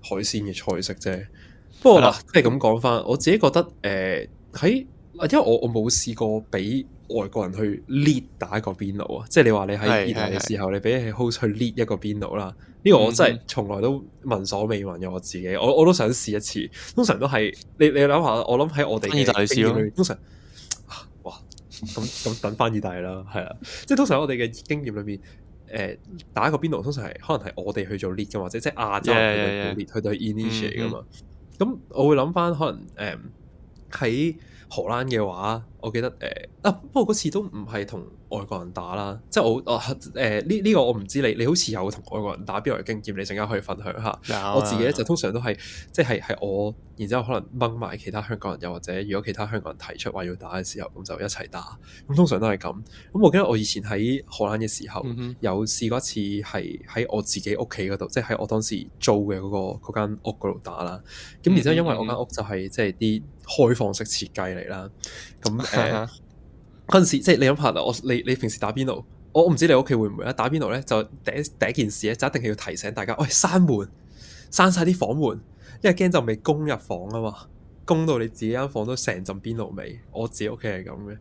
海鮮嘅菜式啫。不過嗱，即係咁講翻，我自己覺得誒喺、呃、因為我我冇試過俾外國人去 lead 打一個邊爐啊，即係你話你喺意大利嘅時候，你俾佢 hold 去 lead 一個邊爐啦。呢個我真係從來都聞所未聞嘅，我自己，我我都想試一次。通常都係你你諗下，我諗喺我哋嘅經驗裏面，通常哇，咁咁等翻意大利啦，係啊！即係通常我哋嘅經驗裏面，誒、呃、打一個邊爐，通常係可能係我哋去做 lead 嘅，或者即係亞洲嘅 lead 去到 initiate 嘅嘛。咁、嗯、我會諗翻可能誒喺、呃、荷蘭嘅話，我記得誒、呃、啊，不過嗰次都唔係同。外國人打啦，即係我我誒呢呢個我唔知你你好似有同外國人打邊個嘅經驗，你陣間可以分享下。啊、我自己咧就通常都係即係係我，然之後可能掹埋其他香港人，又或者如果其他香港人提出話要打嘅時候，咁就一齊打。咁通常都係咁。咁我記得我以前喺荷蘭嘅時候，嗯、哼有試過一次係喺我自己屋企嗰度，即係喺我當時租嘅嗰間屋嗰度打啦。咁、嗯、哼然之後因為我間屋就係即係啲開放式設計嚟啦，咁誒。呃 *laughs* 嗰陣時，即係你諗下，我你你平時打邊爐，我唔知你屋企會唔會啦。打邊爐咧，就第一第一件事咧，就一定係要提醒大家，喂，閂門，閂晒啲房門，因為驚就未供入房啊嘛，供到你自己間房都成陣邊爐味。我自己屋企係咁嘅，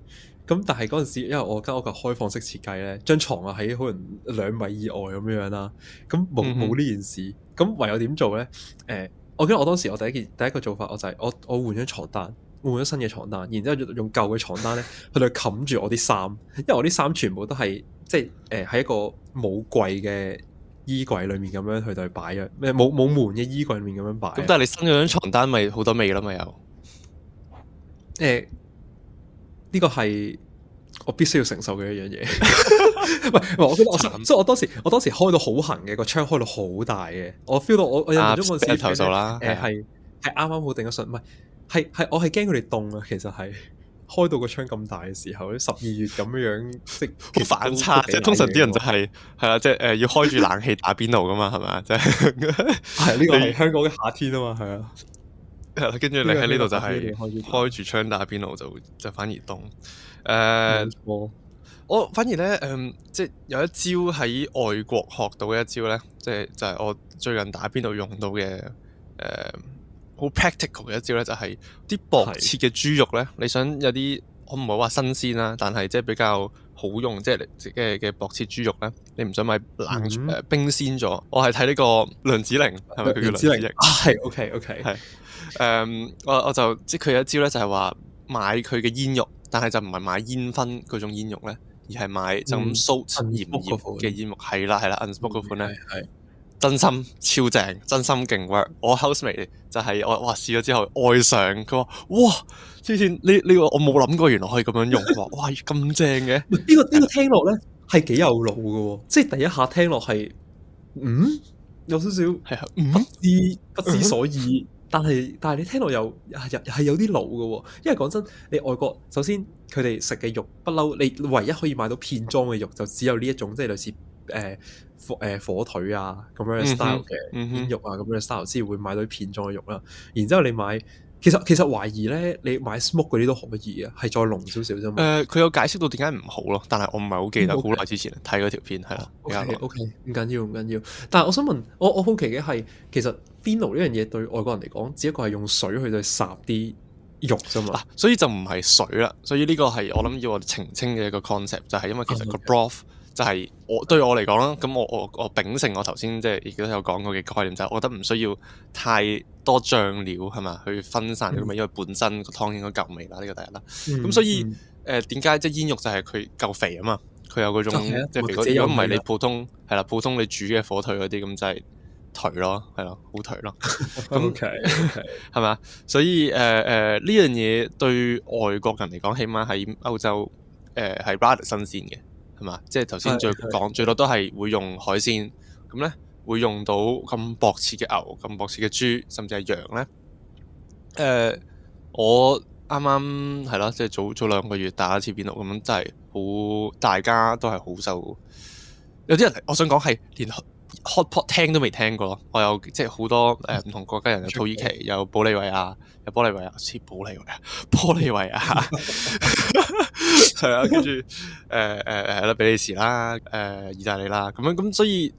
咁但係嗰陣時，因為我間屋嘅開放式設計咧，張床啊喺可能兩米以外咁樣啦，咁冇冇呢件事，咁唯有點做咧？誒、呃，我記得我當時我第一件第一個做法我，我就係我我換張床單。換咗新嘅床單，然之後用舊嘅床單咧，佢哋冚住我啲衫，因為我啲衫全部都係即係誒喺一個冇櫃嘅衣櫃裏面咁樣去度擺嘅，咩冇冇門嘅衣櫃裏面咁樣擺。咁但係你新咗張床單咪好多味咯，咪又誒呢個係我必須要承受嘅一樣嘢。喂， *laughs* *laughs* 我覺得我慘 所以我，我當時我當時開到好行嘅個窗開到好大嘅，我 feel 到我我印象中嗰時要投訴啦。誒、啊，係係啱啱好定咗信。唔係。 *laughs* *laughs* 係係，我係驚佢哋凍啊！其實係開到個窗咁大嘅時候，十二月咁樣樣，即其實好反差。即係通常啲人就係係啦，即係誒要開住冷氣打邊爐噶嘛，係、就是 *laughs* 啊這個、嘛？即係係呢個係香港嘅夏天啊嘛，係啊。跟住你喺呢度就係開住窗打邊爐就就反而凍。誒、uh, 錯，我反而咧，誒，即係有一招喺外國學到嘅一招咧，即係就係、是、我最近打邊爐用到嘅誒。Um, 好 practical 嘅一招咧，就係、是、啲薄切嘅豬肉咧，是的 你想有啲我唔好話新鮮啦，但係即係比較好用，即係嘅嘅薄切豬肉咧，你唔想買冷冰鮮咗、嗯呃？我係睇呢個梁子玲，係咪佢叫梁子玲？係、啊啊、OK OK 係誒、嗯，我我就即佢有一招咧，就係話買佢嘅煙肉，但係就唔係買煙燻嗰種煙肉咧，而係買、嗯、就咁蘇鹽鹽嘅煙肉，係啦係啦，unsmoked 嗰款咧。 *laughs* 嗯真心超正，真心勁 work。我 housemate 就係、係、我哇試咗之後愛上佢，話哇，之前呢呢個我冇諗過原來可以咁樣用話 *laughs* 哇咁正嘅，呢個呢、呢個聽落咧係幾有腦嘅喎， *laughs* 即係第一下聽落係嗯有少少係不知 *laughs* 不知所以， *laughs* 但係但係你聽落又係係有啲腦嘅喎，因為講真你外國首先佢哋食嘅肉不嬲，你唯一可以買到片裝嘅肉就只有呢一種，即係類似誒。呃呃火火腿啊咁樣 style 嘅煙肉啊咁樣 style 先會買到片狀嘅肉啦，然之後你買其實其實懷疑咧，你買 smoke 嗰啲都可以啊，係再濃少少啫嘛。誒，佢有解釋到點解唔好咯，但係我唔係好記得好耐之前睇嗰條片係啦。O K O K，唔緊要唔緊要，但係我想問我我好奇嘅係其實邊爐呢樣嘢對外國人嚟講只不過係用水去去烚啲肉啫嘛、啊，所以就唔係水啦。所以呢個係我諗要我澄清嘅一個 concept、嗯、就係因為其實個 broth。就係我對我嚟講啦，咁我我我秉承我頭先即係亦都有講過嘅概念，就係、是、我覺得唔需要太多醬料係嘛，去分散咁、嗯、因為本身湯該夠、這個湯應該夠味啦，呢個第一啦。咁所以誒點解即係煙肉就係佢夠肥啊嘛，佢有嗰種 okay, 即係肥，如果唔係你普通係啦，普通你煮嘅火腿嗰啲咁就係頹咯，係咯，好頹咯。咁係係咪啊？所以誒誒呢樣嘢對外國人嚟講，起碼喺歐洲誒係、呃、rather, rather 新鮮嘅。係嘛？即係頭先再講，是是最多都係會用海鮮，咁呢會用到咁薄切嘅牛、咁薄切嘅豬，甚至係羊呢。誒、呃，我啱啱係咯，即係、就是、早早兩個月打一次邊爐咁樣，真係好，大家都係好受。有啲人，我想講係連 hotpot 聽都未聽過咯，我有即係好多誒唔、呃、同國家人，有土耳其，有保利維亞，有玻利維亞，似保利維亞，玻利維亞，係啊， *laughs* *laughs* 跟住誒誒誒，啦、呃，比利時啦，誒、呃，意大利啦，咁樣咁，所以誒、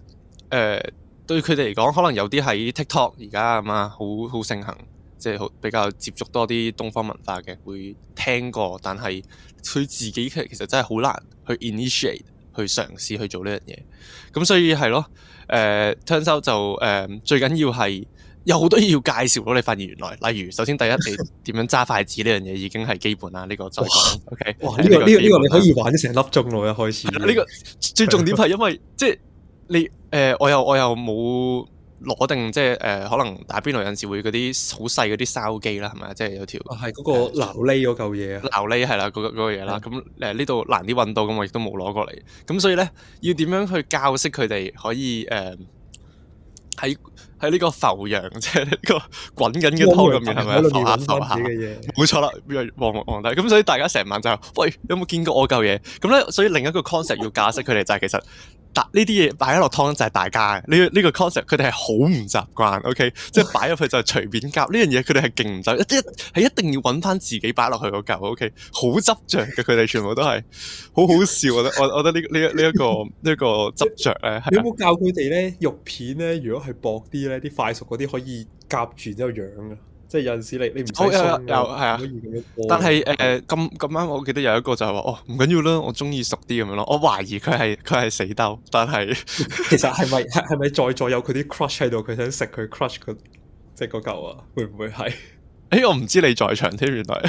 呃、對佢哋嚟講，可能有啲喺 TikTok 而家咁啊，好好盛行，即、就、係、是、比較接觸多啲東方文化嘅，會聽過，但係佢自己其實其實真係好難去 initiate 去嘗試去做呢樣嘢，咁所以係咯。誒，槍手就誒，最緊要係有好多嘢要介紹咯。你發現原來，例如首先第一，你點樣揸筷子呢樣嘢已經係基本啦。呢、 *laughs* 這個就係，OK，哇，呢、這個呢個，個你可以玩成粒鐘咯。一開始呢個最重點係因為 *laughs* 即係你誒、呃，我又我又冇。攞定即係誒，可能打邊爐有陣時會嗰啲好細嗰啲筲箕啦，係咪、就是、啊？即係有條，係嗰、嗰個琉璃嗰嚿嘢啊！琉璃係啦，嗰個嘢啦。咁誒呢度難啲揾到，咁我亦都冇攞過嚟。咁所以咧，要點樣去教識佢哋可以誒喺喺呢個浮揚，即係呢、呢個 *laughs* 滾緊嘅湯入面係咪浮下浮下。冇錯啦，王王王帝。咁所以大家成晚就喂，有冇見過我嚿嘢？咁咧，所以另一個 concept 要教識佢哋就係其實。 *laughs* *laughs* *laughs* 呢啲嘢擺喺落湯就係大家嘅呢呢個 concept，佢哋係好唔習慣，OK？即係擺入去就隨便夾呢樣嘢，佢哋係勁唔得，一係一定要揾翻自己擺落去個夾，OK？好執着嘅，佢哋全部都係好 *laughs* 好笑啊！我我覺得呢呢呢一個呢一個執著咧，有冇教佢哋咧，肉片咧，如果係薄啲咧，啲快熟嗰啲可以夾住之後養啊？即係有陣時你你唔使熟又係啊，但係誒咁咁啱，呃、我記得有一個就係話哦唔緊要啦，我中意熟啲咁樣咯。我懷疑佢係佢係死兜，但係 *laughs* 其實係咪係係咪在座有在有佢啲 crush 喺度，佢想食佢 crush 佢即係嗰嚿啊？會唔會係？誒、欸，我唔知你在場添，原來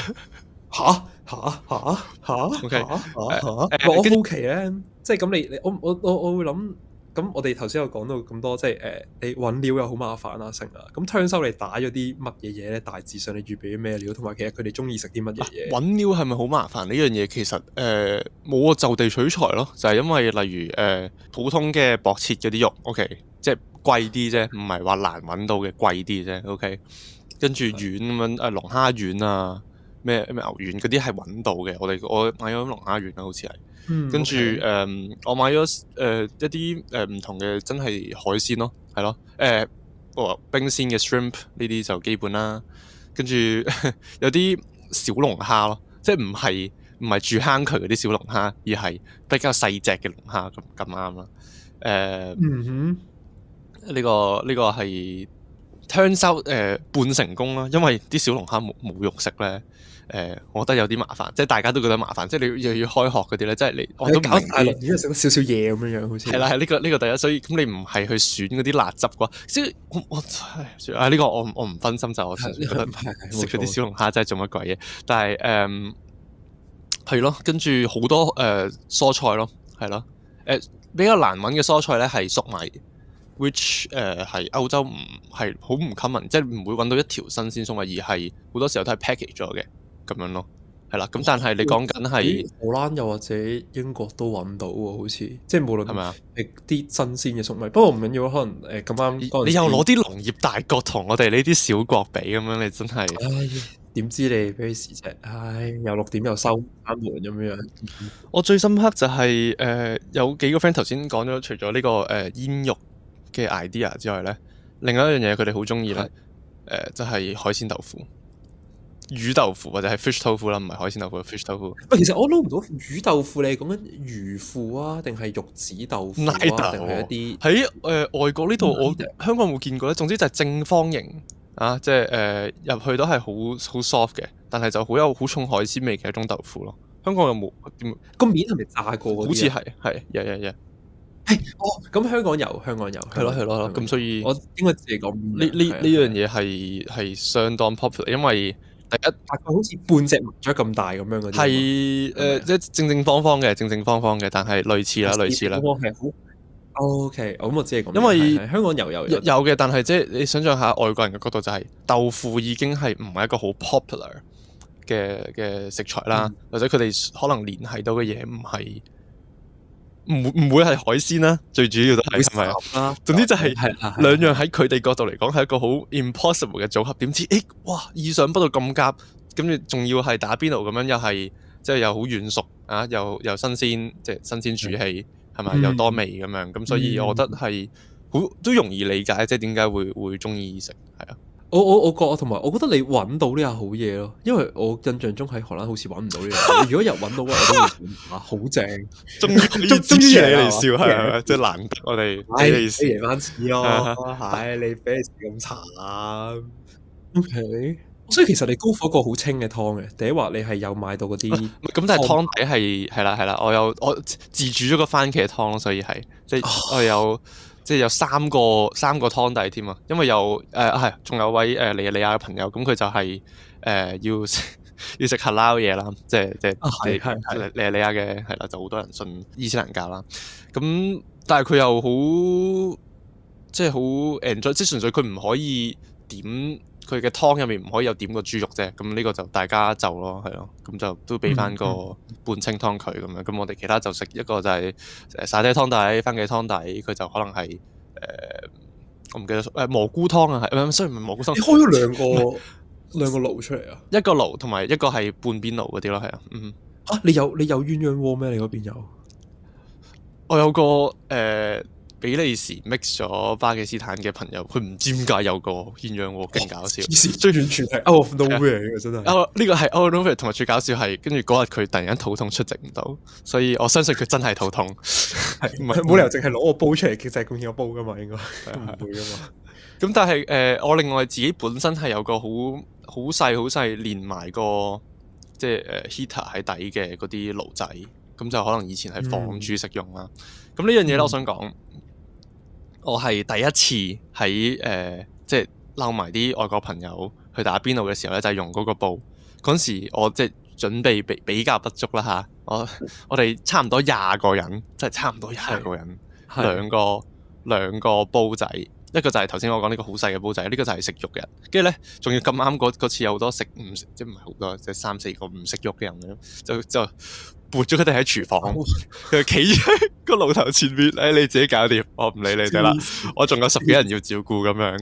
吓吓吓吓吓吓！我好奇咧，即係咁你你我我我我，我，我，我會諗。咁、嗯、我哋頭先又講到咁多，即係誒、呃、你揾料又好麻煩啊，成日咁槍收你打咗啲乜嘢嘢咧？大致上你預備啲咩料是是？同埋其實佢哋中意食啲乜嘢嘢？揾料係咪好麻煩？呢樣嘢其實誒冇啊，就地取材咯，就係、是、因為例如誒、呃、普通嘅薄切嗰啲肉，OK，即係貴啲啫，唔係話難揾到嘅，貴啲啫，OK 跟。跟住丸咁樣啊，龍蝦丸啊，咩咩牛丸嗰啲係揾到嘅。我哋我買咗龍蝦丸啦、啊，好似係。跟住誒、嗯 okay. 嗯，我買咗誒、呃、一啲誒唔同嘅真係海鮮咯，係咯，誒、呃，冰鮮嘅 shrimp 呢啲就基本啦。跟住有啲小龍蝦咯，即係唔係唔係住坑渠嗰啲小龍蝦，而係比較細隻嘅龍蝦咁咁啱啦。誒，呢、呃 mm hmm. 這個呢、這個係 turns out 誒半成功啦，因為啲小龍蝦冇冇肉食咧。誒、呃，我覺得有啲麻煩，即係大家都覺得麻煩，即係你又要，要開學嗰啲咧，即係你我都搞大輪，只係食少少嘢咁樣樣，好似係啦。係呢、這個呢、這個第一，所以咁你唔係去選嗰啲辣汁啩？即我啊呢、這個我我唔分心就我的覺得食嗰啲小龍蝦真係做乜鬼嘢？但係誒係咯，跟住好多誒、呃、蔬菜咯，係咯誒比較難揾嘅蔬菜咧係粟米，which 誒、呃、係歐洲唔係好唔 common，即係唔會揾到一條新鮮粟米，而係好多時候都係 package 咗嘅。咁樣咯，係啦。咁但係你講緊係荷蘭又或者英國都搵到喎，好似即係無論係咪啊？啲新鮮嘅粟米，吧不過唔緊要可能誒咁啱。呃、剛剛剛你，你又攞啲農業大國同我哋呢啲小國比咁樣，你真係。唉、哎，點知你 base 啫？唉、哎，又六點又收關門咁樣樣。嗯、我最深刻就係誒，有幾個 friend 頭先講咗，除咗呢、這個誒煙、呃、肉嘅 idea 之外咧，另外一樣嘢佢哋好中意咧，誒的、呃，就係、是、海鮮豆腐。魚豆腐或者係 fish 豆腐啦，唔係海鮮豆腐，fish 豆腐。唔係，其實我撈唔到魚豆腐。你係講緊魚腐啊，定係玉子豆腐奶定係啲喺誒外國呢度，我香港冇見過咧。總之就係正方形啊，即係誒入去都係好好 soft 嘅，但係就好有好重海鮮味嘅一種豆腐咯。香港又冇個面係咪炸過？好似係係，yes yes yes 咁香港有香港有，係咯係咯，咁所以我應該自己講呢呢呢樣嘢係係相當 popular，因為。大家大概好似半隻麻雀咁大咁樣嗰啲，係誒即係正正方方嘅，正正方方嘅，但係類似啦，類似啦。香港係好，OK，咁我只係咁。因為香港有有有嘅，但係即係你想象下外國人嘅角度就係、是、豆腐已經係唔係一個好 popular 嘅嘅食材啦，嗯、或者佢哋可能聯繫到嘅嘢唔係。唔唔會係海鮮啦、啊，最主要都係咪啊？吧總之就係兩樣喺佢哋角度嚟講係一個好 impossible 嘅組合，點知誒哇！意想不到咁夾，跟住仲要係打邊爐咁樣，又係即係又好軟熟啊，又又新鮮，即係新鮮煮起係咪又多味咁樣？咁、嗯、所以我覺得係好都容易理解，即係點解會會鍾意食係啊？我我我覺同埋我覺得你揾到呢個好嘢咯，因為我印象中喺荷蘭好似揾唔到呢、這、樣、個。如果又揾到我，我都會好啊，好正！鍾意你嚟笑係，真係難得我。我哋，你贏翻屎咯，係 *laughs* 你俾你食咁慘。O、okay, K，所以其實你高火一個好清嘅湯嘅，第一話你係有買到嗰啲，咁、啊、但係湯底係係啦係啦，我有我自煮咗個番茄湯咯，所以係即係我有。 *laughs* 即係有三個三個湯底添啊，因為有誒係仲有位誒尼日利亞嘅朋友，咁佢就係、是、誒、呃、要 *laughs* 要食 halal 嘢啦，即係即係尼日利亞嘅係啦，就好多人信伊斯蘭教啦，咁但係佢又好即係好誒，即係純粹佢唔可以點。佢嘅湯入面唔可以有點個豬肉啫，咁呢個就大家就咯，係咯，咁就都俾翻個半清湯佢咁、嗯嗯、樣，咁我哋其他就食一個就係誒沙爹湯底、番茄湯底，佢就可能係誒、呃、我唔記得誒、呃、蘑菇湯啊，係，雖然唔係蘑菇湯你開咗兩個 *laughs* 兩個爐出嚟啊，一個爐同埋一個係半邊爐嗰啲咯，係啊，嗯，啊你有你有鴛鴦鍋咩？你嗰邊有？我有個誒。呃比利時 mix 咗巴基斯坦嘅朋友，佢唔知點解有個現象喎，勁搞笑！意思最完全係 out of nowhere 嘅，真係。啊，呢個係 out of nowhere 同埋最搞笑係，跟住嗰日佢突然間肚痛出席唔到，所以我相信佢真係肚痛。唔係冇理由淨係攞個煲出嚟，其實係幾隻咁樣煲噶嘛？應該唔對會啊嘛。咁對 *laughs* 但係誒、呃，我另外自己本身係有個好好細好細連埋個即係誒 heater 喺底嘅嗰啲爐仔，咁就可能以前係放主食用啦。咁呢樣嘢咧，我想講。我係第一次喺誒，即係撈埋啲外國朋友去打邊爐嘅時候咧，就係、係、用嗰個煲。嗰時我即係準備比比較不足啦嚇，我我哋差唔多廿個人，即、就、係、係、差唔多廿個人，兩個兩個煲仔，一個就係頭先我講呢個好細嘅煲仔，呢個就係食肉嘅。跟住咧，仲要咁啱嗰次有好多食唔食，即係唔係好多，即係三四個唔食肉嘅人就就。就撥咗佢哋喺廚房，佢企喺個爐頭前面，誒、哎、你自己搞掂，我唔理你哋啦。我仲有十幾人要照顧咁 *laughs* 樣，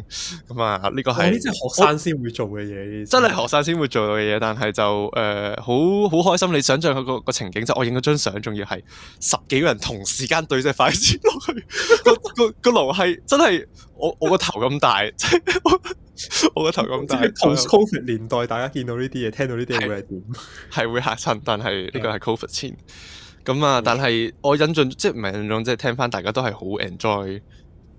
咁啊呢、呢個係。呢啲即係學生先會做嘅嘢，我真係學生先會做嘅嘢。但係就誒，好、呃、好開心。你想象佢、嗰個、嗰個情景，就係、我影咗張相，仲要係十幾個人同時間對隻筷子落去，個、嗰個、嗰個爐係真係我我、個頭咁大，即係。 *laughs* 我個頭咁大，從 Covid 年代，大家見到呢啲嘢， *laughs* 聽到呢啲嘢會係點？係會嚇親，但係呢個係 Covid 前咁啊的！但係我印象即係唔係印象，即係聽翻大家都係好 enjoy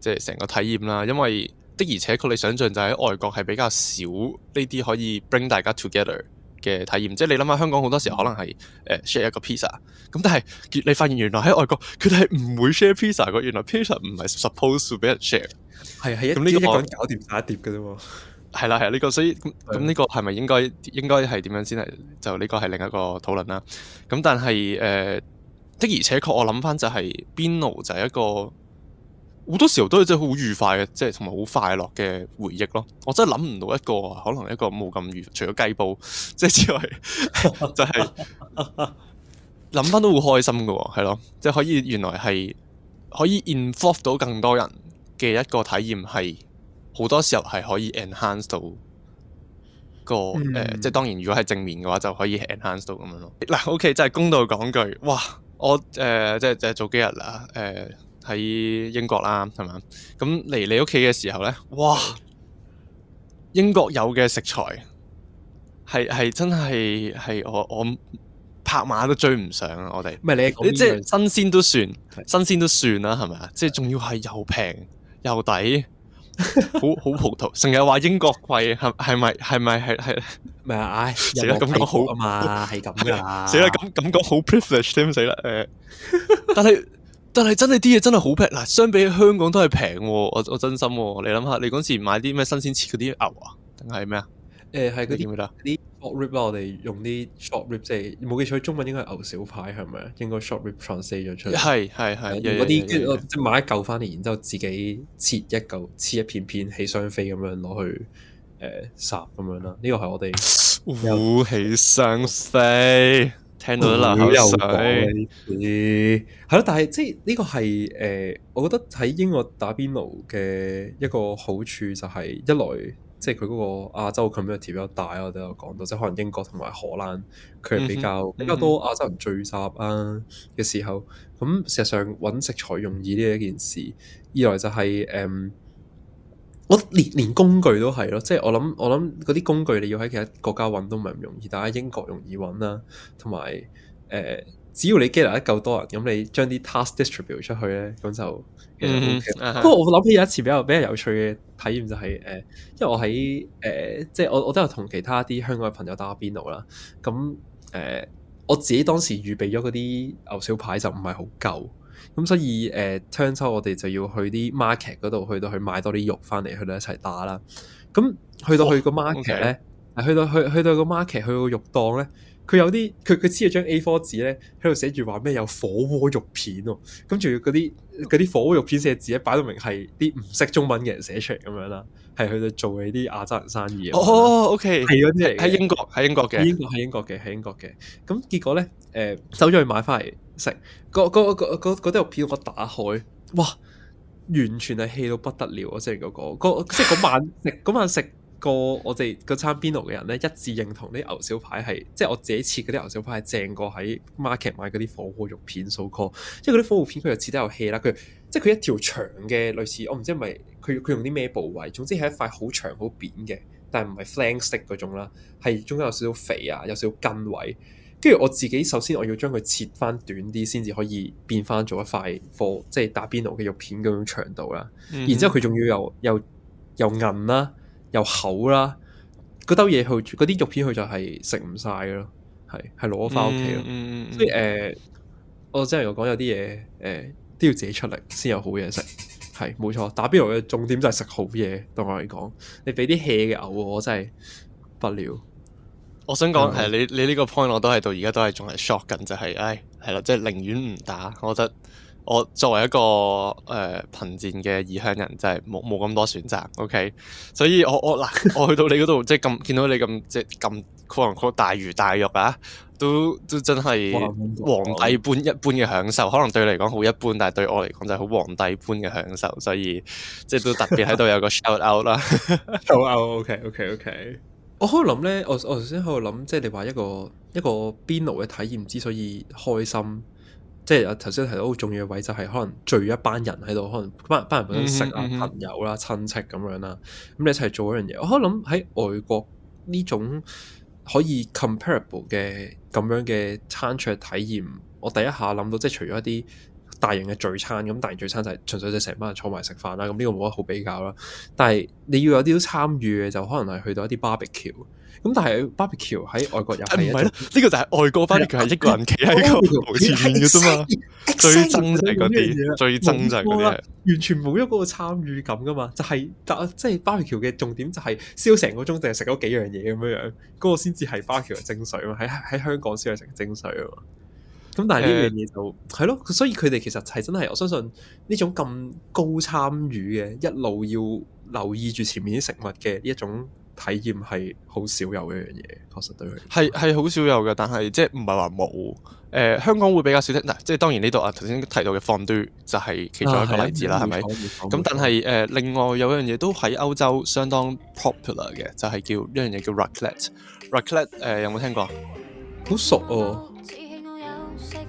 即係成個體驗啦。因為的而且確你想象就喺外國係比較少呢啲可以 bring 大家 together。嘅體驗，即係你諗下，香港好多時候可能係誒、呃、share 一個 pizza，咁但係你發現原來喺外國佢哋係唔會 share pizza 嘅，原來 pizza 唔係 supposed to 俾人 share，係係一咁呢個人搞掂曬一碟嘅啫喎，係啦係啊呢個，所以咁呢個係咪應該應該係點樣先係？就呢個係另一個討論啦。咁但係誒、呃、的而且確，我諗翻就係邊爐就係一個。好多時候都係真係好愉快嘅，即係同埋好快樂嘅回憶咯。我真係諗唔到一個可能一個冇咁愉，除咗雞煲，即係之外， *laughs* 就係諗翻都好開心嘅。係咯，即係可以原來係可以 involve 到更多人嘅一個體驗，係好多時候係可以 enhance 到個誒、嗯呃，即係當然如果係正面嘅話，就可以 enhance 到咁樣咯。嗱，OK，真係公道講句，哇，我誒、呃、即係即係早幾日啦，誒、呃。喺英國啦，係嘛？咁嚟你屋企嘅時候咧，哇！英國有嘅食材係係真係係我我拍馬都追唔上啊！我哋唔咪你即係新鮮都算，新鮮都算啦，係咪啊？即係仲要係又平又抵，好好 *laughs* 葡萄，成日話英國貴， *laughs* 哎、係係咪係咪係係咪啊？死啦！咁講好啊嘛，係咁噶死啦！咁咁講好 privilege 添，死啦！誒，但係。但係真係啲嘢真係好平，嗱，相比起香港都係平，我我真心，你諗下，你嗰時買啲咩新鮮切嗰啲牛啊，定係咩啊？誒、呃，係嗰啲啲 short rib 我哋用啲 short rib，即係冇記錯，中文應該係牛小排係咪？應該 short rib translate 咗出嚟。系系系，用嗰啲，跟住買一嚿翻嚟，然之後自己切一嚿，切一片片起雙飛咁樣攞去誒烚咁樣啦。呢個係我哋有起雙飛。聽到啦，又講啲係咯，但係即係呢個係誒、呃，我覺得喺英國打邊爐嘅一個好處就係一來即係佢嗰個亞洲 community 比較大，我哋有講到，即係可能英國同埋荷蘭佢係比較、嗯嗯、比較多亞洲人聚集啊嘅時候，咁事實上搵食材容易呢一件事，二來就係、是、誒。嗯我連連工具都係咯，即係我諗我諗嗰啲工具你要喺其他國家揾都唔係唔容易，但係英國容易揾啦，同埋誒，只要你 gather 得夠多人，咁你將啲 task distribute 出去咧，咁就其實 OK。不、呃、過、嗯啊、我諗起有一次比較比較有趣嘅體驗就係、是、誒、呃，因為我喺誒、呃，即係我我都有同其他啲香港嘅朋友打邊爐啦，咁、嗯、誒、呃，我自己當時預備咗嗰啲牛小排就唔係好夠。咁所以誒，聽、呃、抽我哋就要去啲 market 嗰度，去到去買多啲肉翻嚟，去到一齊打啦。咁去到去個 market 咧、okay.，去到去去到個 market，去到個肉檔咧。佢有啲佢佢黐咗張 A4 紙咧，喺度寫住話咩有火鍋肉片哦，咁仲要嗰啲啲火鍋肉片寫字咧，擺到明係啲唔識中文嘅人寫出嚟咁樣啦，係佢哋做嘅啲亞洲人生意。哦，OK，係嗰啲嚟，喺英國，喺英國嘅，英國喺英國嘅，喺英國嘅。咁結果咧，誒，走咗去買翻嚟食，嗰啲肉片我打開，哇，完全係氣到不得了啊！即係嗰個，即係晚嗰晚食。個，我哋嗰餐邊爐嘅人咧，一致認同啲牛小排係，即係我自己切嗰啲牛小排係正過喺 market 買嗰啲火鍋肉片數過，因為嗰啲火鍋片佢又切得又稀啦，佢即係佢一條長嘅類似，我唔知係咪佢佢用啲咩部位，總之係一塊好長好扁嘅，但係唔係 flank steak 嗰種啦，係中間有少少肥啊，有少少筋位，跟住我自己首先我要將佢切翻短啲先至可以變翻做一塊火即係打邊爐嘅肉片嗰種長度啦，然之後佢仲要有又又韌啦。又厚啦，嗰兜嘢去，嗰啲肉片去就係食唔晒咯，係係攞翻屋企咯，嗯嗯、所以誒、呃，我真係又講有啲嘢誒，都要自己出嚟先有好嘢食，係冇錯。打邊爐嘅重點就係食好嘢，對我嚟講，你俾啲 hea 嘅牛，我真係不了。我想講係你你呢個 point，我都係到而家都係仲係 shock 緊，就係，唉，係啦，即係寧願唔打，我覺得。我作為一個誒、呃、貧賤嘅異鄉人，就係冇冇咁多選擇，OK。所以我我嗱，我去到你嗰度，即係咁見到你咁即係咁，可能大魚大肉啊，都都真係皇帝般一般嘅享受。可能對你嚟講好一般，但係對我嚟講就係好皇帝般嘅享受。所以即係都特別喺度有個 shout out 啦 *laughs* 、okay, okay, okay。好 OK，OK，OK 我喺度諗咧，我我頭先喺度諗，即係你話一個一個邊爐嘅體驗之所以開心。即係我頭先提到好重要嘅位，就係可能聚一班人喺度，可能班人想識啊 *music* 朋友啦、啊、親戚咁樣啦，咁一齊做一樣嘢。我可能諗喺外國呢種可以 comparable 嘅咁樣嘅餐桌體驗，我第一下諗到即係除咗一啲大型嘅聚餐，咁大型聚餐就係純粹就成班人坐埋食飯啦，咁呢個冇得好比較啦、啊。但係你要有啲好參與嘅，就可能係去到一啲 barbecue。咁但係 barbecue 喺外國又係唔係咯？呢個就係外國 barbecue 係一個人企喺個爐前面嘅啫嘛，exactly, exactly, 最憎就係嗰啲，最憎就係嗰啲，完全冇一嗰個參與感噶嘛。就係即係 barbecue 嘅重點就係燒成個鐘淨係食咗幾樣嘢咁樣樣，嗰、嗰個先至係 barbecue 嘅精髓啊嘛。喺喺香港先係成精髓啊嘛。咁但係呢樣嘢就係咯、嗯，所以佢哋其實係真係，我相信呢種咁高參與嘅，一路要留意住前面啲食物嘅呢一種體驗係好少有一樣嘢，確實對佢係係好少有嘅，但係即係唔係話冇誒？香港會比較少聽嗱、呃，即係當然呢度啊，頭先提到嘅 fondue 就係其中一個例子啦，係咪、啊？咁吧錯但係誒，呃、錯另外有樣嘢都喺歐洲相當 popular 嘅，就係、是、叫一樣嘢叫 raclette，raclette、呃、誒有冇聽過？好熟哦、啊！